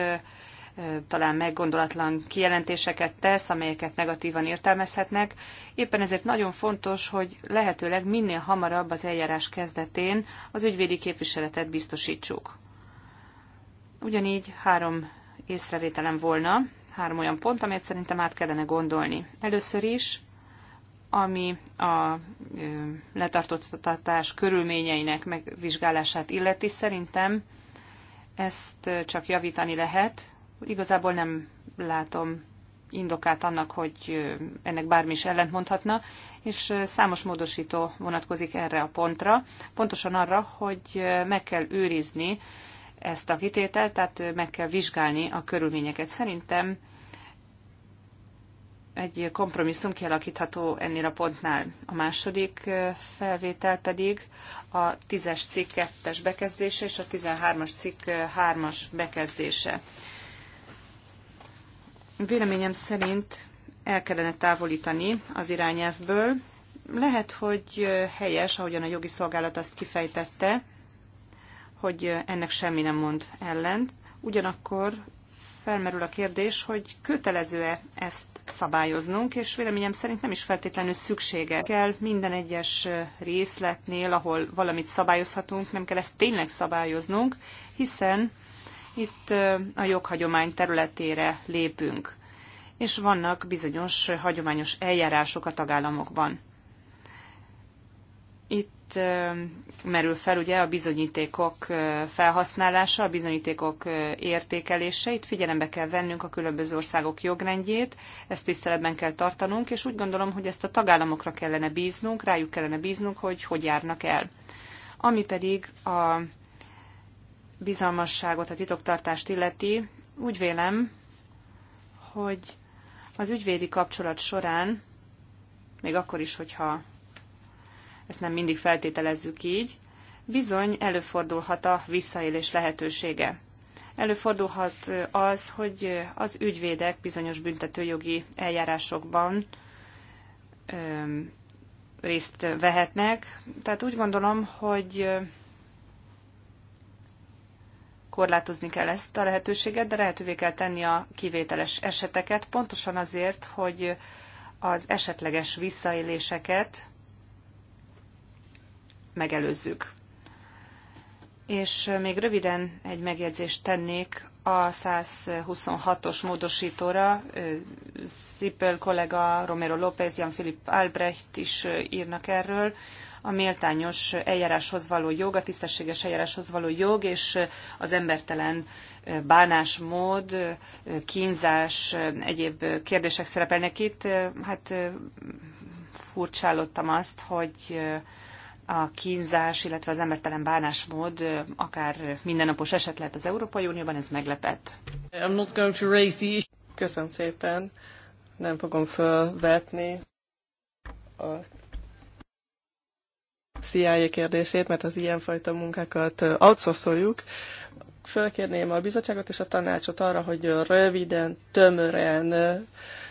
talán meggondolatlan kijelentéseket tesz, amelyeket negatívan értelmezhetnek. Éppen ezért nagyon fontos, hogy lehetőleg minél hamarabb az eljárás kezdetén az ügyvédi képviseletet biztosítsuk. Ugyanígy három észrevételem volna, három olyan pont, amelyet szerintem át kellene gondolni. Először is, ami a letartóztatás körülményeinek megvizsgálását illeti, szerintem ezt csak javítani lehet, Igazából nem látom indokát annak, hogy ennek bármi is ellentmondhatna, és számos módosító vonatkozik erre a pontra, pontosan arra, hogy meg kell őrizni ezt a kitételt, tehát meg kell vizsgálni a körülményeket. Szerintem egy kompromisszum kialakítható ennél a pontnál. A második felvétel pedig a 10-es cikk 2 bekezdése és a 13-as cikk 3-as bekezdése véleményem szerint el kellene távolítani az irányelvből. Lehet, hogy helyes, ahogyan a jogi szolgálat azt kifejtette, hogy ennek semmi nem mond ellent. Ugyanakkor felmerül a kérdés, hogy kötelező-e ezt szabályoznunk, és véleményem szerint nem is feltétlenül szüksége kell minden egyes részletnél, ahol valamit szabályozhatunk, nem kell ezt tényleg szabályoznunk, hiszen itt a joghagyomány területére lépünk, és vannak bizonyos hagyományos eljárások a tagállamokban. Itt merül fel ugye a bizonyítékok felhasználása, a bizonyítékok értékelése. Itt figyelembe kell vennünk a különböző országok jogrendjét, ezt tiszteletben kell tartanunk, és úgy gondolom, hogy ezt a tagállamokra kellene bíznunk, rájuk kellene bíznunk, hogy hogy járnak el. Ami pedig a bizalmasságot, a titoktartást illeti, úgy vélem, hogy az ügyvédi kapcsolat során, még akkor is, hogyha ezt nem mindig feltételezzük így, bizony előfordulhat a visszaélés lehetősége. Előfordulhat az, hogy az ügyvédek bizonyos büntetőjogi eljárásokban részt vehetnek. Tehát úgy gondolom, hogy korlátozni kell ezt a lehetőséget, de lehetővé kell tenni a kivételes eseteket, pontosan azért, hogy az esetleges visszaéléseket
megelőzzük.
És még röviden egy megjegyzést tennék a 126-os módosítóra. Zippel kollega, Romero López, Jan Filip Albrecht is írnak erről a méltányos eljáráshoz való jog, a tisztességes eljáráshoz való jog, és az embertelen bánásmód, kínzás, egyéb kérdések szerepelnek itt. Hát furcsálottam azt, hogy a kínzás, illetve az embertelen bánásmód akár mindennapos eset lehet az Európai Unióban, ez meglepett.
I'm not going to raise the issue. Köszönöm szépen, nem fogom fölvetni a CIA kérdését, mert az ilyenfajta munkákat outsourcoljuk, fölkérném a bizottságot és a tanácsot arra, hogy röviden, tömören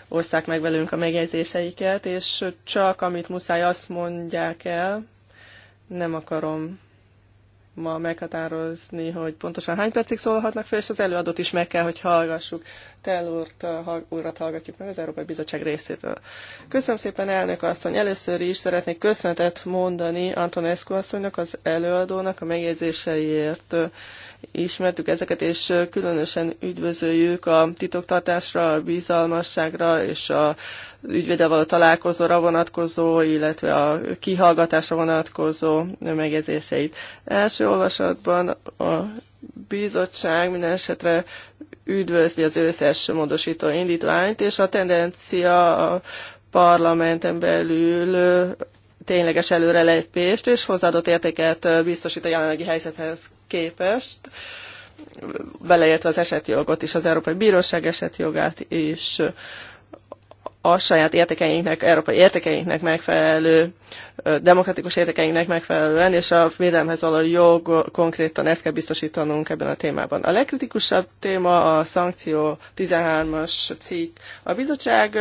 osszák meg velünk a megjegyzéseiket, és csak amit muszáj, azt mondják el. Nem akarom ma meghatározni, hogy pontosan hány percig szólhatnak fel, és az előadót is meg kell, hogy hallgassuk. Tell úrt, úrat hallgatjuk meg az Európai Bizottság részétől. Köszönöm szépen, elnök asszony. Először is szeretnék köszönetet mondani Antonescu asszonynak, az előadónak a megjegyzéseiért. Ismertük ezeket, és különösen üdvözöljük a titoktartásra, a bizalmasságra és a ügyvédel való találkozóra vonatkozó, illetve a kihallgatásra vonatkozó megjegyzéseit. Első olvasatban a bizottság minden esetre üdvözli az összes módosító indítványt, és a tendencia a parlamenten belül tényleges előrelépést és hozzáadott értéket biztosít a jelenlegi helyzethez képest, beleértve az esetjogot is, az Európai Bíróság esetjogát is a saját értékeinknek, európai értékeinknek megfelelő, demokratikus értékeinknek megfelelően, és a védelemhez való jog konkrétan ezt kell biztosítanunk ebben a témában. A legkritikusabb téma a szankció 13-as cikk. A bizottság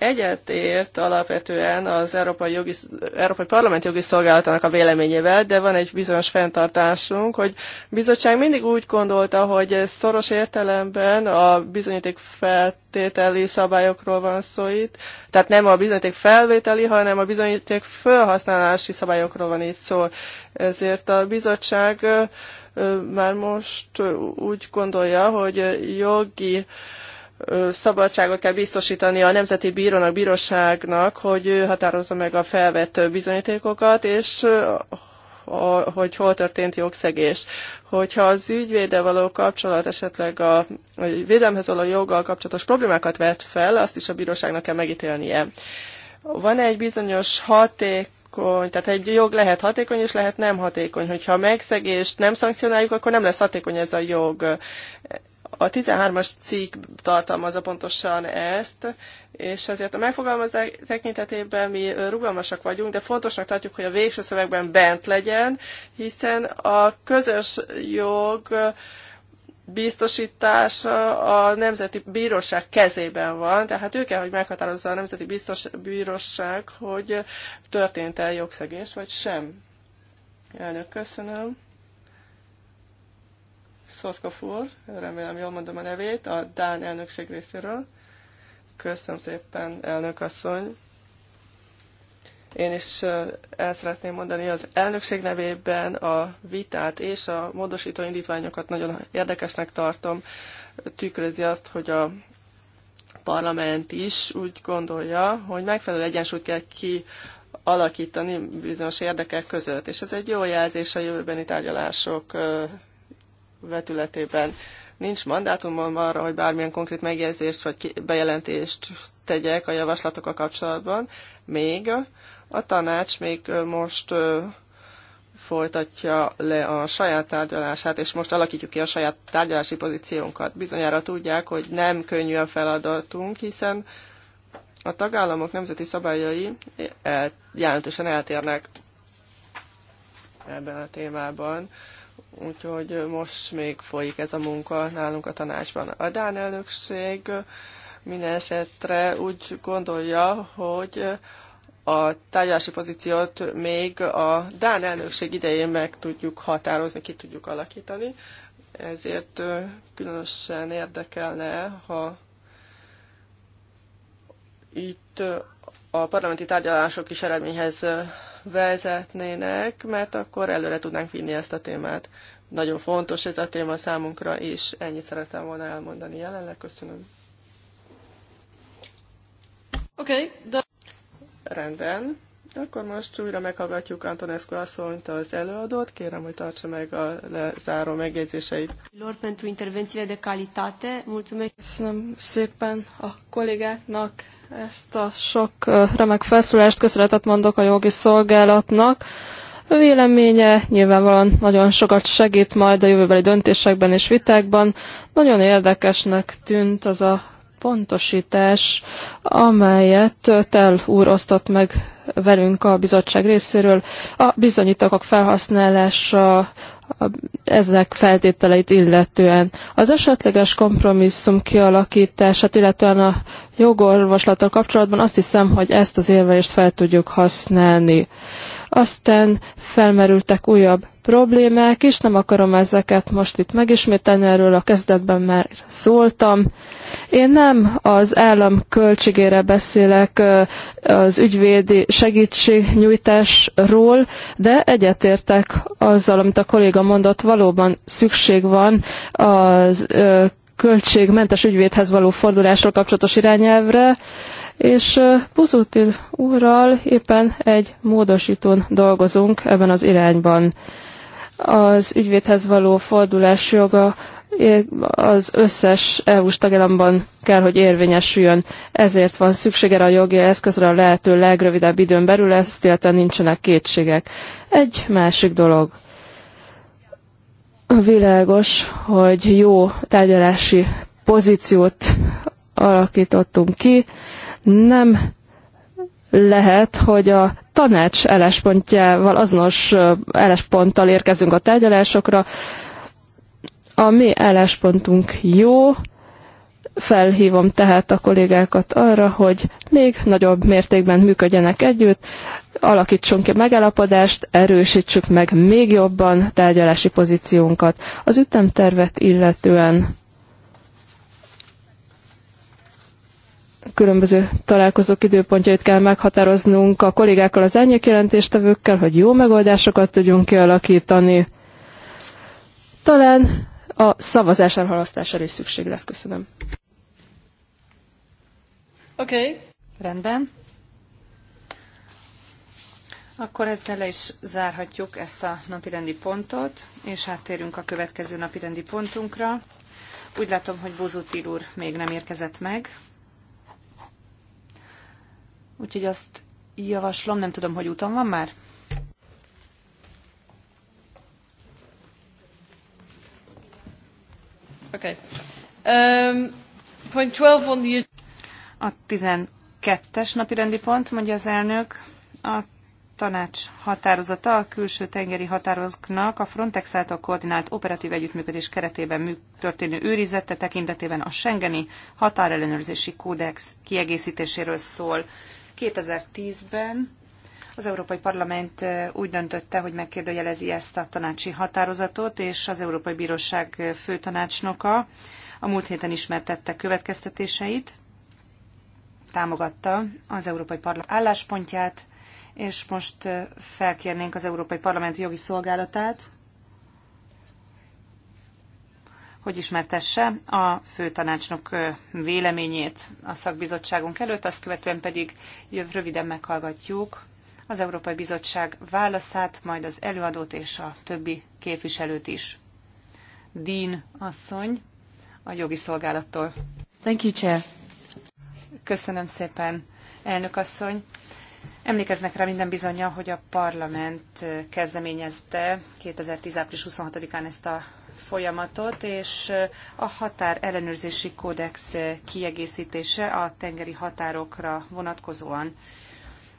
egyetért alapvetően az Európai, jogi, Európai Parlament jogi szolgálatának a véleményével, de van egy bizonyos fenntartásunk, hogy bizottság mindig úgy gondolta, hogy szoros értelemben a bizonyíték feltételi szabályokról van szó itt, tehát nem a bizonyíték felvételi, hanem a bizonyíték felhasználási szabályokról van itt szó. Ezért a bizottság már most úgy gondolja, hogy jogi szabadságot kell biztosítani a Nemzeti Bírónak, Bíróságnak, hogy ő határozza meg a felvett bizonyítékokat, és a, hogy hol történt jogszegés. Hogyha az ügyvéde való kapcsolat esetleg a, a védelemhez való joggal kapcsolatos problémákat vet fel, azt is a bíróságnak kell megítélnie. Van egy bizonyos hatékony, tehát egy jog lehet hatékony, és lehet nem hatékony. Hogyha a megszegést nem szankcionáljuk, akkor nem lesz hatékony ez a jog. A 13-as cikk tartalmazza pontosan ezt, és ezért a megfogalmazás tekintetében mi rugalmasak vagyunk, de fontosnak tartjuk, hogy a végső szövegben bent legyen, hiszen a közös jog biztosítása a Nemzeti Bíróság kezében van, tehát ő kell, hogy meghatározza a Nemzeti Biztos Bíróság, hogy történt-e jogszegés, vagy sem. Elnök, köszönöm. Szoszkofúr, remélem jól mondom a nevét, a Dán elnökség részéről. Köszönöm szépen, elnök asszony. Én is el szeretném mondani az elnökség nevében a vitát és a módosító indítványokat nagyon érdekesnek tartom. Tükrözi azt, hogy a parlament is úgy gondolja, hogy megfelelő egyensúlyt kell ki alakítani bizonyos érdekek között, és ez egy jó jelzés a jövőbeni tárgyalások vetületében. Nincs mandátumom arra, hogy bármilyen konkrét megjegyzést vagy bejelentést tegyek a javaslatokkal kapcsolatban. Még a tanács még most folytatja le a saját tárgyalását, és most alakítjuk ki a saját tárgyalási pozíciónkat. Bizonyára tudják, hogy nem könnyű a feladatunk, hiszen a tagállamok nemzeti szabályai el, jelentősen eltérnek ebben a témában. Úgyhogy most még folyik ez a munka nálunk a tanácsban. A Dán elnökség minden esetre úgy gondolja, hogy a tárgyalási pozíciót még a Dán elnökség idején meg tudjuk határozni, ki tudjuk alakítani. Ezért különösen érdekelne, ha itt a parlamenti tárgyalások is eredményhez vezetnének, mert akkor előre tudnánk vinni ezt a témát. Nagyon fontos ez a téma számunkra és Ennyit szeretem volna elmondani jelenleg. Köszönöm. Oké, okay, de... Rendben. Akkor most újra meghallgatjuk Antonescu asszonyt az előadót. Kérem, hogy tartsa meg a lezáró megjegyzéseit.
Lor pentru intervențiile de calitate. Mulțumesc. Köszönöm szépen a kollégáknak ezt a sok remek felszólást köszönetet mondok a jogi szolgálatnak. A véleménye nyilvánvalóan nagyon sokat segít majd a jövőbeli döntésekben és vitákban. Nagyon érdekesnek tűnt az a pontosítás, amelyet Tel úr osztott meg velünk a bizottság részéről. A bizonyítókok felhasználása ezek feltételeit illetően. Az esetleges kompromisszum kialakítását, illetően a jogorvoslattal kapcsolatban azt hiszem, hogy ezt az érvelést fel tudjuk használni. Aztán felmerültek újabb problémák is, nem akarom ezeket most itt megismételni, erről a kezdetben már szóltam. Én nem az állam költségére beszélek az ügyvédi segítségnyújtásról, de egyetértek azzal, amit a kolléga mondott, valóban szükség van az költségmentes ügyvédhez való fordulásról kapcsolatos irányelvre, és Buzutil úrral éppen egy módosítón dolgozunk ebben az irányban az ügyvédhez való fordulás joga az összes EU-s tagállamban kell, hogy érvényesüljön. Ezért van szüksége erre a jogi eszközre a lehető legrövidebb időn belül, ezt illetve nincsenek kétségek. Egy másik dolog. Világos, hogy jó tárgyalási pozíciót alakítottunk ki. Nem lehet, hogy a tanács álláspontjával azonos állásponttal érkezünk a tárgyalásokra. A mi álláspontunk jó, felhívom tehát a kollégákat arra, hogy még nagyobb mértékben működjenek együtt, alakítsunk ki megállapodást, erősítsük meg még jobban tárgyalási pozíciónkat. Az ütemtervet illetően különböző találkozók időpontjait kell meghatároznunk a kollégákkal, az árnyékjelentéstevőkkel, hogy jó megoldásokat tudjunk kialakítani. Talán a szavazás elhalasztására is szükség lesz. Köszönöm.
Oké. Okay. Rendben. Akkor ezzel le is zárhatjuk ezt a napirendi pontot, és áttérünk a következő napirendi pontunkra. Úgy látom, hogy Bozutil úr még nem érkezett meg. Úgyhogy azt javaslom, nem tudom, hogy úton van már. Okay. Um, point 12 on the... A 12-es napi rendi pont, mondja az elnök, a tanács határozata a külső tengeri határoknak a Frontex által koordinált operatív együttműködés keretében történő őrizette tekintetében a Schengeni határellenőrzési kódex kiegészítéséről szól. 2010-ben az Európai Parlament úgy döntötte, hogy megkérdőjelezi ezt a tanácsi határozatot, és az Európai Bíróság főtanácsnoka a múlt héten ismertette következtetéseit, támogatta az Európai Parlament álláspontját, és most felkérnénk az Európai Parlament jogi szolgálatát, hogy ismertesse a főtanácsnok véleményét a szakbizottságunk előtt, azt követően pedig jöv, röviden meghallgatjuk az Európai Bizottság válaszát, majd az előadót és a többi képviselőt is. Dean asszony a jogi szolgálattól. Thank you, Chair. Köszönöm szépen, elnök asszony. Emlékeznek rá minden bizonyja, hogy a parlament kezdeményezte 2010. április 26-án ezt a folyamatot, és eh, a határ ellenőrzési kódex eh, kiegészítése a tengeri határokra vonatkozóan.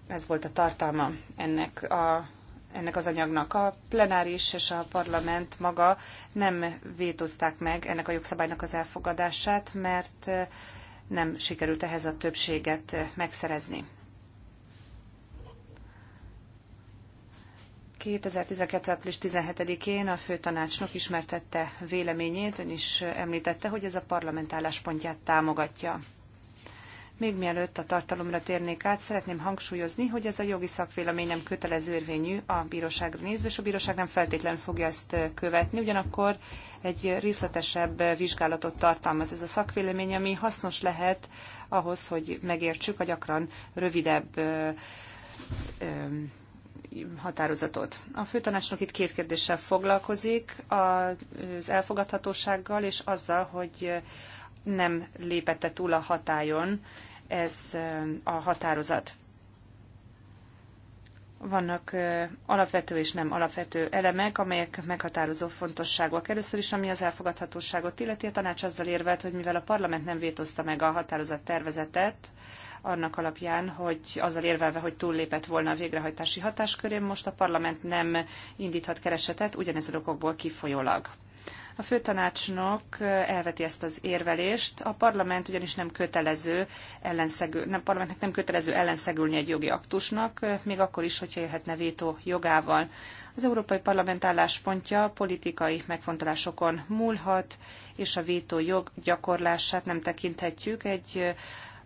Ez volt a tartalma ennek a ennek az anyagnak. A plenáris és a parlament maga nem vétozták meg ennek a jogszabálynak az elfogadását, mert eh, nem sikerült ehhez a többséget megszerezni. 2012. április 17-én a főtanácsnok ismertette véleményét, ön is említette, hogy ez a parlament álláspontját támogatja. Még mielőtt a tartalomra térnék át, szeretném hangsúlyozni, hogy ez a jogi szakvélemény nem kötelező érvényű a bíróságra nézve, és a bíróság nem feltétlenül fogja ezt követni. Ugyanakkor egy részletesebb vizsgálatot tartalmaz ez a szakvélemény, ami hasznos lehet ahhoz, hogy megértsük a gyakran rövidebb határozatot. A főtanácsnok itt két kérdéssel foglalkozik, az elfogadhatósággal és azzal, hogy nem lépette túl a hatájon ez a határozat. Vannak alapvető és nem alapvető elemek, amelyek meghatározó fontosságúak. Először is, ami az elfogadhatóságot illeti, a tanács azzal érvelt, hogy mivel a parlament nem vétozta meg a határozat tervezetet, annak alapján, hogy azzal érvelve, hogy túllépett volna a végrehajtási hatáskörén, most a parlament nem indíthat keresetet ugyanezen okokból kifolyólag. A főtanácsnok eh, elveti ezt az érvelést, a parlament ugyanis nem kötelező ellenszegül, nem, parlamentnek nem kötelező ellenszegülni egy jogi aktusnak, eh, még akkor is, hogyha élhetne vétó jogával. Az Európai Parlament álláspontja politikai megfontolásokon múlhat, és a vétó jog gyakorlását nem tekinthetjük egy eh,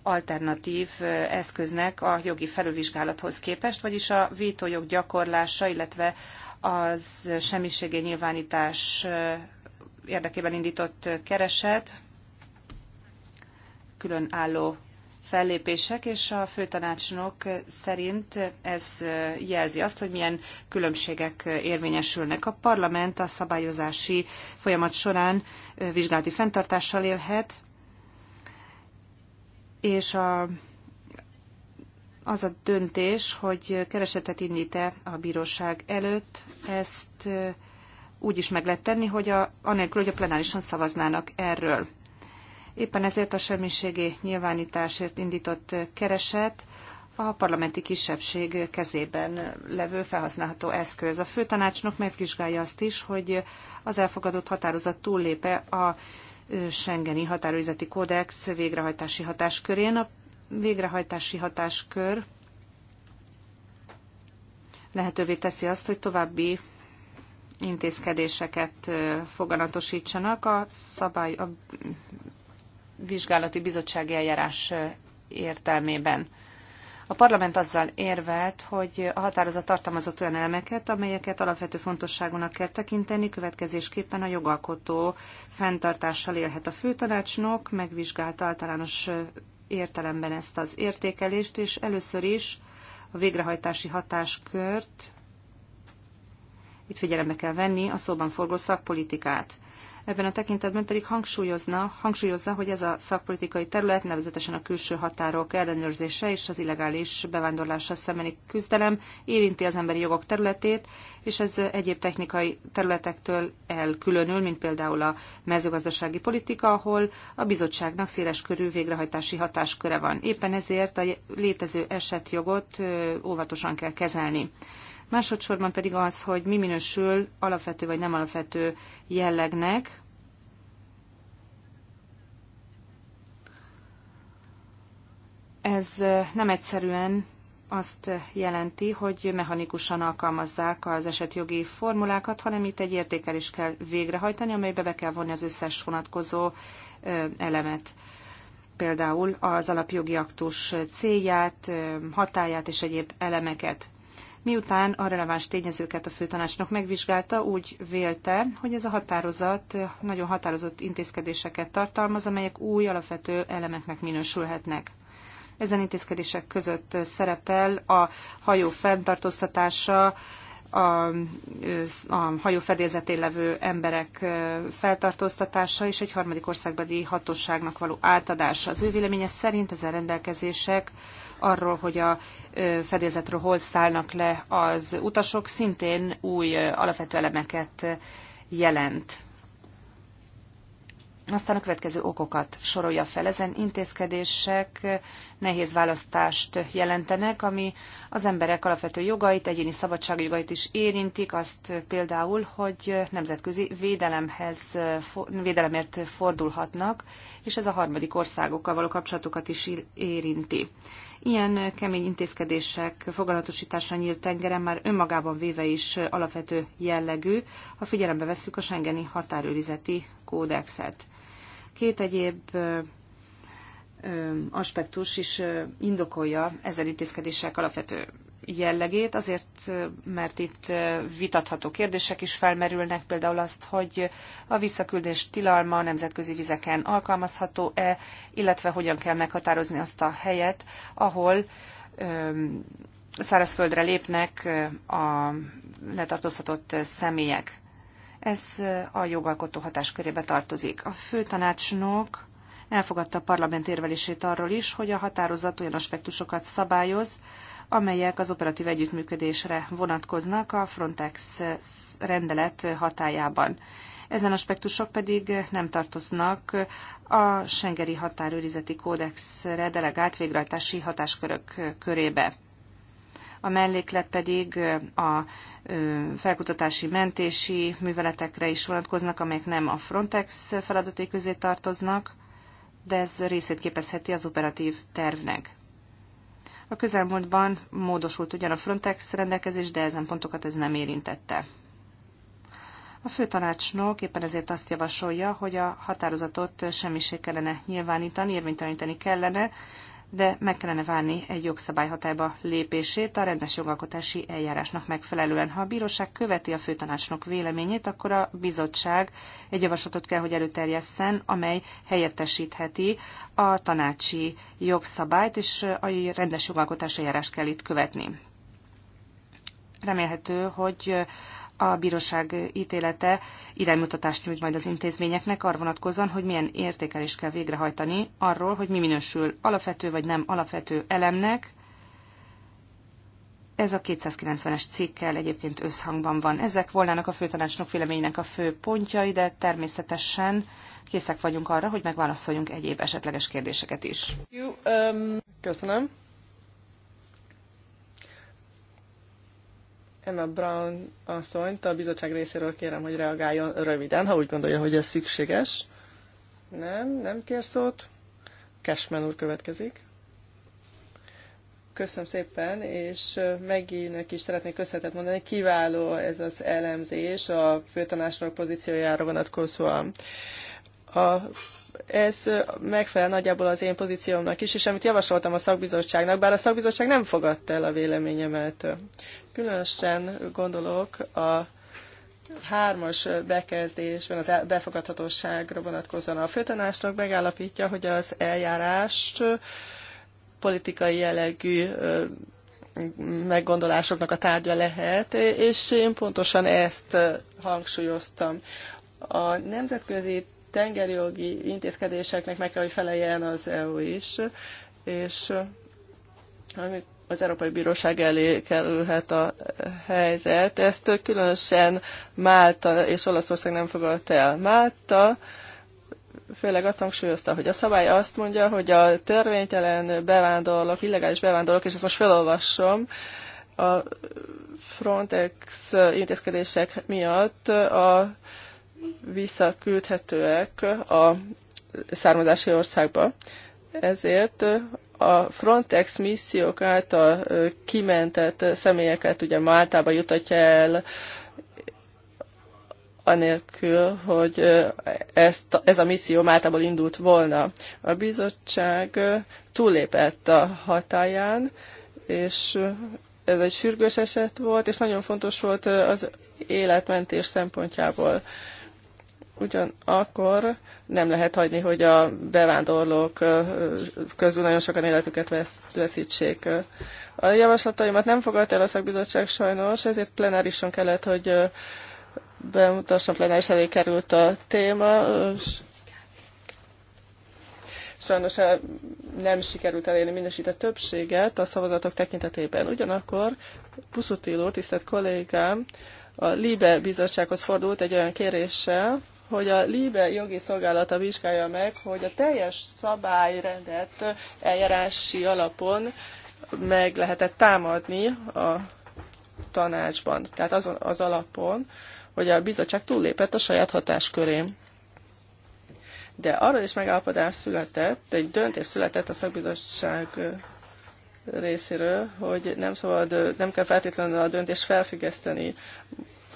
alternatív eszköznek a jogi felülvizsgálathoz képest, vagyis a vétójog gyakorlása, illetve az semmiségé nyilvánítás érdekében indított kereset, különálló fellépések, és a főtanácsnok szerint ez jelzi azt, hogy milyen különbségek érvényesülnek. A parlament a szabályozási folyamat során vizsgálati fenntartással élhet, és a, az a döntés, hogy keresetet indít-e a bíróság előtt, ezt úgy is meg lehet tenni, hogy a, anélkül, hogy a plenárisan szavaznának erről. Éppen ezért a semmiségi nyilvánításért indított kereset a parlamenti kisebbség kezében levő felhasználható eszköz. A főtanácsnok megvizsgálja azt is, hogy az elfogadott határozat túllépe a Schengeni határőrizeti kódex végrehajtási hatáskörén. A végrehajtási hatáskör lehetővé teszi azt, hogy további intézkedéseket foganatosítsanak a, szabály, a vizsgálati bizottsági eljárás értelmében. A parlament azzal érvelt, hogy a határozat tartalmazott olyan elemeket, amelyeket alapvető fontosságúnak kell tekinteni, következésképpen a jogalkotó fenntartással élhet a főtanácsnok, megvizsgálta általános értelemben ezt az értékelést, és először is a végrehajtási hatáskört, itt figyelembe kell venni a szóban forgó szakpolitikát. Ebben a tekintetben pedig hangsúlyozna, hangsúlyozza, hogy ez a szakpolitikai terület, nevezetesen a külső határok ellenőrzése és az illegális bevándorlással szembeni küzdelem érinti az emberi jogok területét, és ez egyéb technikai területektől elkülönül, mint például a mezőgazdasági politika, ahol a bizottságnak széles körű végrehajtási hatásköre van. Éppen ezért a létező esetjogot óvatosan kell kezelni. Másodszorban pedig az, hogy mi minősül alapvető vagy nem alapvető jellegnek, Ez nem egyszerűen azt jelenti, hogy mechanikusan alkalmazzák az esetjogi formulákat, hanem itt egy értékelés kell végrehajtani, amelybe be kell vonni az összes vonatkozó elemet. Például az alapjogi aktus célját, hatáját és egyéb elemeket. Miután a releváns tényezőket a főtanácsnok megvizsgálta, úgy vélte, hogy ez a határozat nagyon határozott intézkedéseket tartalmaz, amelyek új alapvető elemeknek minősülhetnek. Ezen intézkedések között szerepel a hajó fenntartóztatása, a, a hajó fedélzetén levő emberek feltartóztatása és egy harmadik országbeli hatóságnak való átadása. Az ő véleménye szerint ezen rendelkezések arról, hogy a fedélzetről hol szállnak le az utasok, szintén új alapvető elemeket jelent. Aztán a következő okokat sorolja fel. Ezen intézkedések nehéz választást jelentenek, ami az emberek alapvető jogait, egyéni szabadságjogait is érintik, azt például, hogy nemzetközi védelemhez, védelemért fordulhatnak, és ez a harmadik országokkal való kapcsolatokat is érinti. Ilyen kemény intézkedések fogalatosítása nyílt tengeren már önmagában véve is alapvető jellegű, ha figyelembe vesszük a Schengeni határőrizeti kódexet. Két egyéb aspektus is indokolja ezen intézkedések alapvető jellegét, azért, mert itt vitatható kérdések is felmerülnek, például azt, hogy a visszaküldés tilalma nemzetközi vizeken alkalmazható-e, illetve hogyan kell meghatározni azt a helyet, ahol szárazföldre lépnek a letartóztatott személyek. Ez a jogalkotó hatáskörébe tartozik. A főtanácsnok elfogadta a parlament érvelését arról is, hogy a határozat olyan aspektusokat szabályoz, amelyek az operatív együttműködésre vonatkoznak a Frontex rendelet hatájában. Ezen aspektusok pedig nem tartoznak a Schengeri határőrizeti kódexre delegált végrehajtási hatáskörök körébe. A melléklet pedig a felkutatási, mentési műveletekre is vonatkoznak, amelyek nem a Frontex feladaté közé tartoznak, de ez részét képezheti az operatív tervnek. A közelmúltban módosult ugyan a Frontex rendelkezés, de ezen pontokat ez nem érintette. A főtanácsnok éppen ezért azt javasolja, hogy a határozatot semmiség kellene nyilvánítani, érvényteleníteni kellene, de meg kellene várni egy jogszabály hatályba lépését a rendes jogalkotási eljárásnak megfelelően. Ha a bíróság követi a főtanácsnok véleményét, akkor a bizottság egy javaslatot kell, hogy előterjesszen, amely helyettesítheti a tanácsi jogszabályt, és a rendes jogalkotási eljárást kell itt követni. Remélhető, hogy a bíróság ítélete iránymutatást nyújt majd az intézményeknek arra vonatkozóan, hogy milyen értékelést kell végrehajtani arról, hogy mi minősül alapvető vagy nem alapvető elemnek. Ez a 290-es cikkel egyébként összhangban van. Ezek volnának a főtanácsnok véleménynek a fő pontjai, de természetesen készek vagyunk arra, hogy megválaszoljunk egyéb esetleges kérdéseket is.
Köszönöm. Emma Brown asszonyt a bizottság részéről kérem, hogy reagáljon röviden, ha úgy gondolja, hogy ez szükséges. Nem, nem kér szót. Cashman úr következik. Köszönöm szépen, és megint is szeretnék köszönetet mondani. Kiváló ez az elemzés a főtanácsnok pozíciójára vonatkozóan. A ez megfelel nagyjából az én pozíciómnak is, és amit javasoltam a szakbizottságnak, bár a szakbizottság nem fogadta el a véleményemet. Különösen gondolok a hármas bekezdésben az befogadhatóságra vonatkozóan a főtanácsnak megállapítja, hogy az eljárást politikai jellegű meggondolásoknak a tárgya lehet, és én pontosan ezt hangsúlyoztam. A nemzetközi tengeri jogi intézkedéseknek meg kell, hogy feleljen az EU is, és az Európai Bíróság elé kerülhet a helyzet. Ezt különösen Málta és Olaszország nem fogadta el. Málta főleg azt hangsúlyozta, hogy a szabály azt mondja, hogy a törvénytelen bevándorlók, illegális bevándorlók, és ezt most felolvasom, a Frontex intézkedések miatt a visszaküldhetőek a származási országba. Ezért a Frontex missziók által kimentett személyeket ugye Máltába jutatja el, anélkül, hogy ezt, ez a misszió Máltából indult volna. A bizottság túlépett a hatáján, és ez egy sürgős eset volt, és nagyon fontos volt az életmentés szempontjából. Ugyanakkor nem lehet hagyni, hogy a bevándorlók közül nagyon sokan életüket veszítsék. A javaslataimat nem fogadta el a szakbizottság sajnos, ezért plenárison kellett, hogy bemutassam, plenáris elé került a téma. Sajnos nem sikerült elérni minősített többséget a szavazatok tekintetében. Ugyanakkor Puszutil úr, tisztelt kollégám, a Libe bizottsághoz fordult egy olyan kéréssel, hogy a LIBE jogi szolgálata vizsgálja meg, hogy a teljes szabályrendet eljárási alapon meg lehetett támadni a tanácsban. Tehát azon az alapon, hogy a bizottság túllépett a saját hatáskörén. De arról is megállapodás született, egy döntés született a szakbizottság részéről, hogy nem szabad, nem kell feltétlenül a döntést felfüggeszteni.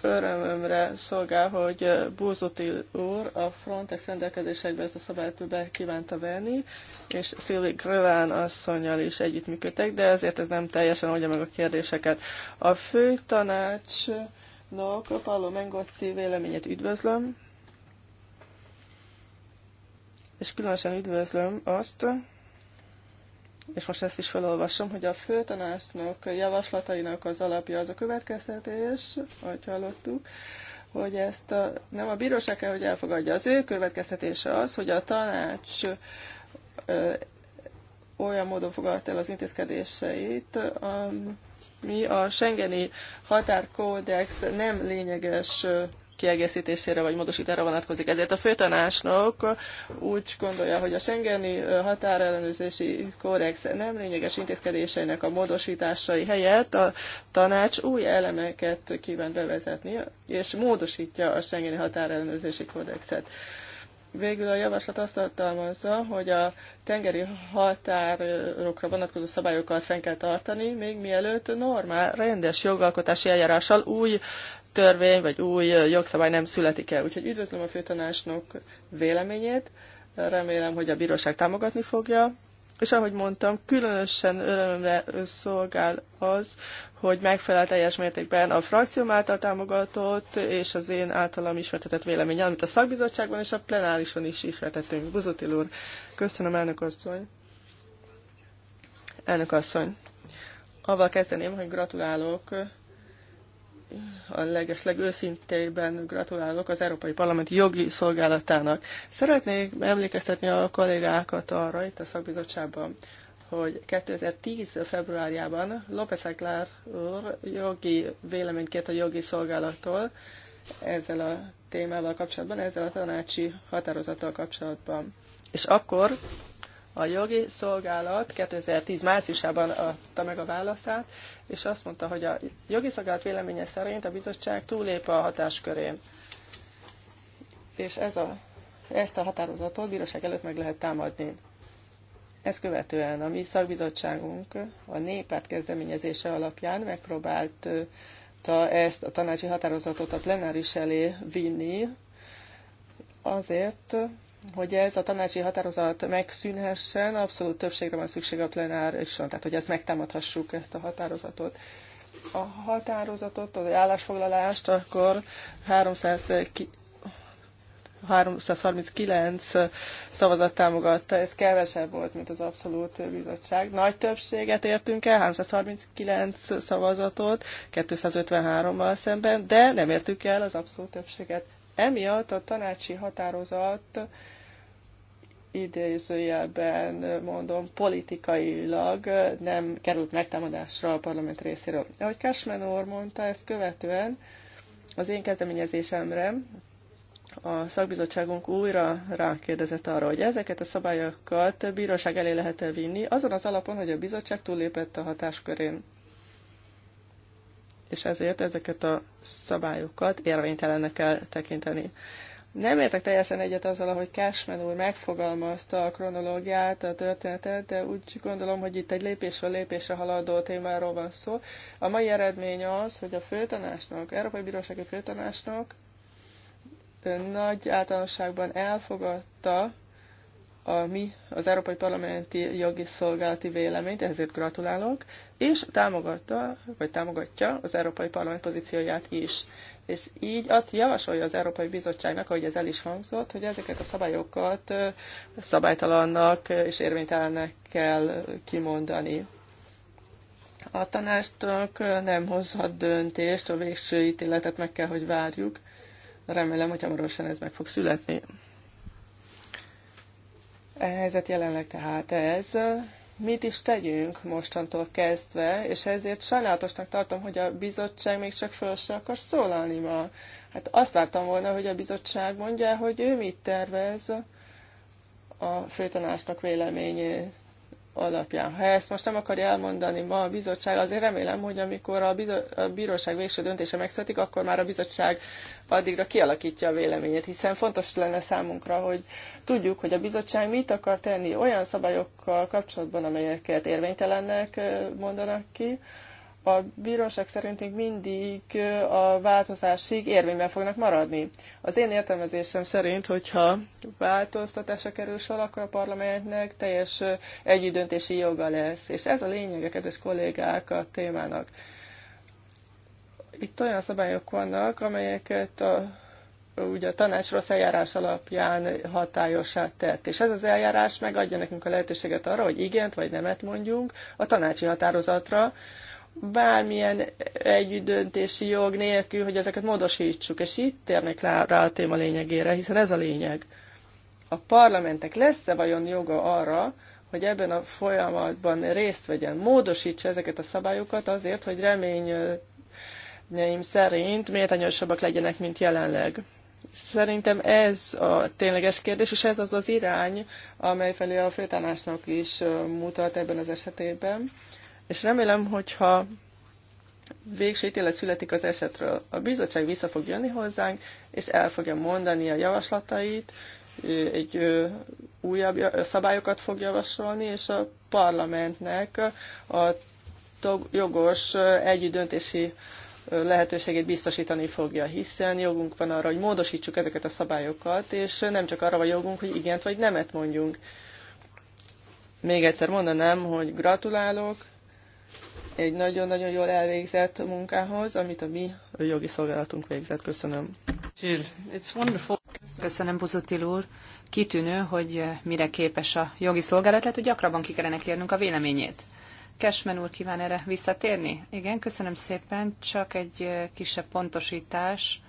Örömömre szolgál, hogy Búzuti úr a Frontex rendelkezésekbe ezt a szabályt be kívánta venni, és Szilvi Grölán asszonyjal is együttműködtek, de ezért ez nem teljesen oldja meg a kérdéseket. A fő tanácsnak Paolo Mengozzi véleményét üdvözlöm, és különösen üdvözlöm azt, és most ezt is felolvasom, hogy a főtanásnak javaslatainak az alapja az a következtetés, ahogy hallottuk, hogy ezt a, nem a bíróság kell, hogy elfogadja. Az ő következtetése az, hogy a tanács ö, olyan módon fogadta el az intézkedéseit, ami a Schengeni határkódex nem lényeges kiegészítésére vagy módosítára vonatkozik. Ezért a főtanácsnok úgy gondolja, hogy a Schengeni határellenőrzési korrex nem lényeges intézkedéseinek a módosításai helyett a tanács új elemeket kíván bevezetni, és módosítja a Schengeni határellenőrzési kódexet. Végül a javaslat azt tartalmazza, hogy a tengeri határokra vonatkozó szabályokat fenn kell tartani, még mielőtt normál, rendes jogalkotási eljárással új törvény vagy új jogszabály nem születik el. Úgyhogy üdvözlöm a főtanácsnok véleményét, remélem, hogy a bíróság támogatni fogja. És ahogy mondtam, különösen örömömre szolgál az, hogy megfelel teljes mértékben a frakcióm által támogatott és az én általam ismertetett véleménye, amit a szakbizottságban és a plenárison is ismertettünk. Buzotil úr, köszönöm, elnök asszony. Elnök asszony, avval kezdeném, hogy gratulálok a legesleg őszintében gratulálok az Európai Parlament jogi szolgálatának. Szeretnék emlékeztetni a kollégákat arra itt a szakbizottságban, hogy 2010. februárjában López Aguilar úr jogi véleményt kért a jogi szolgálattól ezzel a témával kapcsolatban, ezzel a tanácsi határozattal kapcsolatban. És akkor a jogi szolgálat 2010 márciusában adta meg a válaszát, és azt mondta, hogy a jogi szolgálat véleménye szerint a bizottság túlép a hatáskörén. És ez a, ezt a határozatot bíróság előtt meg lehet támadni. Ezt követően a mi szakbizottságunk a néppárt kezdeményezése alapján megpróbált ezt a tanácsi határozatot a plenáris elé vinni, azért, hogy ez a tanácsi határozat megszűnhessen, abszolút többségre van szükség a plenárison, tehát hogy ezt megtámadhassuk, ezt a határozatot. A határozatot, az állásfoglalást akkor 300 ki... 339 szavazat támogatta, ez kevesebb volt, mint az abszolút bizottság. Nagy többséget értünk el, 339 szavazatot, 253-mal szemben, de nem értük el az abszolút többséget. Emiatt a tanácsi határozat idézőjelben mondom, politikailag nem került megtámadásra a parlament részéről. Ahogy Cashman úr mondta, ezt követően az én kezdeményezésemre a szakbizottságunk újra rákérdezett arra, hogy ezeket a szabályokat bíróság elé lehet-e vinni, azon az alapon, hogy a bizottság túllépett a hatáskörén és ezért ezeket a szabályokat érvénytelennek kell tekinteni. Nem értek teljesen egyet azzal, ahogy Cashman úr megfogalmazta a kronológiát, a történetet, de úgy gondolom, hogy itt egy lépésről lépésre haladó témáról van szó. A mai eredmény az, hogy a főtanásnak, Európai Bírósági Főtanásnak nagy általánosságban elfogadta a mi, az Európai Parlamenti Jogi Szolgálati véleményt, ezért gratulálok, és támogatta, vagy támogatja az Európai Parlament pozícióját is. És így azt javasolja az Európai Bizottságnak, ahogy ez el is hangzott, hogy ezeket a szabályokat szabálytalannak és érvénytelennek kell kimondani. A tanástok nem hozhat döntést, a végső ítéletet meg kell, hogy várjuk. Remélem, hogy hamarosan ez meg fog születni. A e helyzet jelenleg tehát ez. Mit is tegyünk mostantól kezdve, és ezért sajnálatosnak tartom, hogy a bizottság még csak föl se akar szólalni ma. Hát azt láttam volna, hogy a bizottság mondja, hogy ő mit tervez a főtanásnak véleményét alapján. Ha ezt most nem akarja elmondani ma a bizottság, azért remélem, hogy amikor a, bizo- a bíróság végső döntése megszületik, akkor már a bizottság addigra kialakítja a véleményét, hiszen fontos lenne számunkra, hogy tudjuk, hogy a bizottság mit akar tenni olyan szabályokkal kapcsolatban, amelyeket érvénytelennek eh, mondanak ki, a bíróság szerint még mindig a változásig érvényben fognak maradni. Az én értelmezésem szerint, hogyha változtatásra kerül sor, akkor a parlamentnek teljes együttdöntési joga lesz. És ez a a kedves kollégák, a témának. Itt olyan szabályok vannak, amelyeket a ugye a tanács rossz eljárás alapján hatályossá tett. És ez az eljárás megadja nekünk a lehetőséget arra, hogy igent vagy nemet mondjunk a tanácsi határozatra, bármilyen együttdöntési jog nélkül, hogy ezeket módosítsuk. És itt térnek rá, rá a téma lényegére, hiszen ez a lényeg. A parlamentek lesz-e vajon joga arra, hogy ebben a folyamatban részt vegyen, módosítsa ezeket a szabályokat azért, hogy reményeim szerint méltányosabbak legyenek, mint jelenleg. Szerintem ez a tényleges kérdés, és ez az az irány, amely felé a főtanásnak is mutat ebben az esetében és remélem, hogyha végső ítélet születik az esetről, a bizottság vissza fog jönni hozzánk, és el fogja mondani a javaslatait, egy újabb szabályokat fog javasolni, és a parlamentnek a jogos együttdöntési lehetőségét biztosítani fogja, hiszen jogunk van arra, hogy módosítsuk ezeket a szabályokat, és nem csak arra van jogunk, hogy igent vagy nemet mondjunk. Még egyszer mondanám, hogy gratulálok, egy nagyon-nagyon jól elvégzett munkához, amit a mi a jogi szolgálatunk végzett. Köszönöm.
Jill, it's wonderful. Köszönöm, Buzutil úr. Kitűnő, hogy eh, mire képes a jogi szolgálat, lehet, hogy gyakrabban ki kellene kérnünk a véleményét. Kesmen úr kíván erre visszatérni? Igen, köszönöm szépen. Csak egy eh, kisebb pontosítás,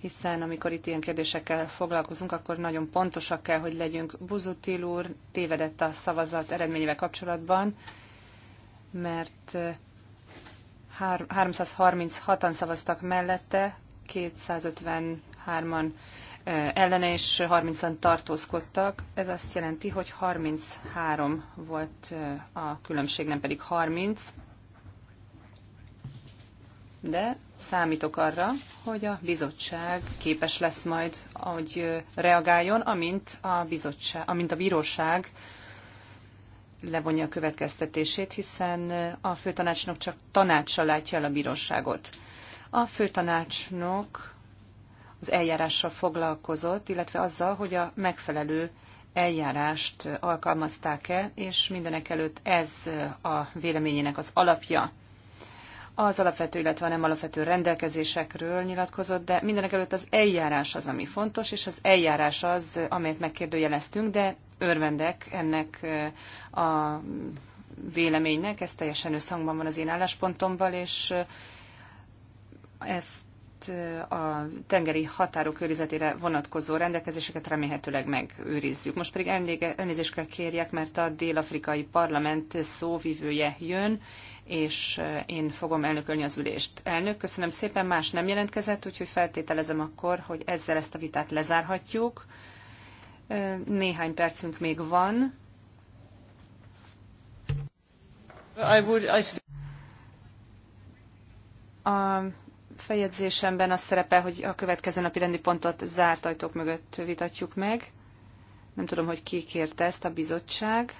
hiszen amikor itt ilyen kérdésekkel foglalkozunk, akkor nagyon pontosak kell, hogy legyünk. Buzutil úr tévedett a szavazat eredményével kapcsolatban mert 336-an szavaztak mellette, 253-an ellene és 30-an tartózkodtak. Ez azt jelenti, hogy 33 volt a különbség, nem pedig 30. De számítok arra, hogy a bizottság képes lesz majd, hogy reagáljon, amint a, bizottság, amint a bíróság levonja a következtetését, hiszen a főtanácsnok csak tanácssal látja el a bíróságot. A főtanácsnok az eljárással foglalkozott, illetve azzal, hogy a megfelelő eljárást alkalmazták-e, és mindenek előtt ez a véleményének az alapja az alapvető, illetve nem alapvető rendelkezésekről nyilatkozott, de mindenek előtt az eljárás az, ami fontos, és az eljárás az, amelyet megkérdőjeleztünk, de örvendek ennek eh, a véleménynek, ez teljesen összhangban van az én álláspontommal, és eh, ezt a tengeri határok őrizetére vonatkozó rendelkezéseket remélhetőleg megőrizzük. Most pedig elnézést kell kérjek, mert a dél-afrikai parlament szóvivője jön, és én fogom elnökölni az ülést. Elnök, köszönöm szépen, más nem jelentkezett, úgyhogy feltételezem akkor, hogy ezzel ezt a vitát lezárhatjuk. Néhány percünk még van.
I would, I
a feljegyzésemben az szerepel, hogy a következő napi rendi pontot zárt ajtók mögött vitatjuk meg. Nem tudom, hogy ki kérte ezt a bizottság.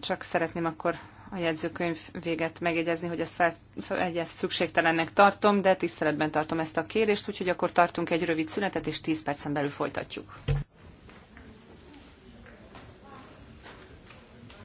Csak szeretném akkor a jegyzőkönyv véget megjegyezni, hogy ezt, fel, fel, ezt szükségtelennek tartom, de tiszteletben tartom ezt a kérést, úgyhogy akkor tartunk egy rövid szünetet, és 10 percen belül folytatjuk.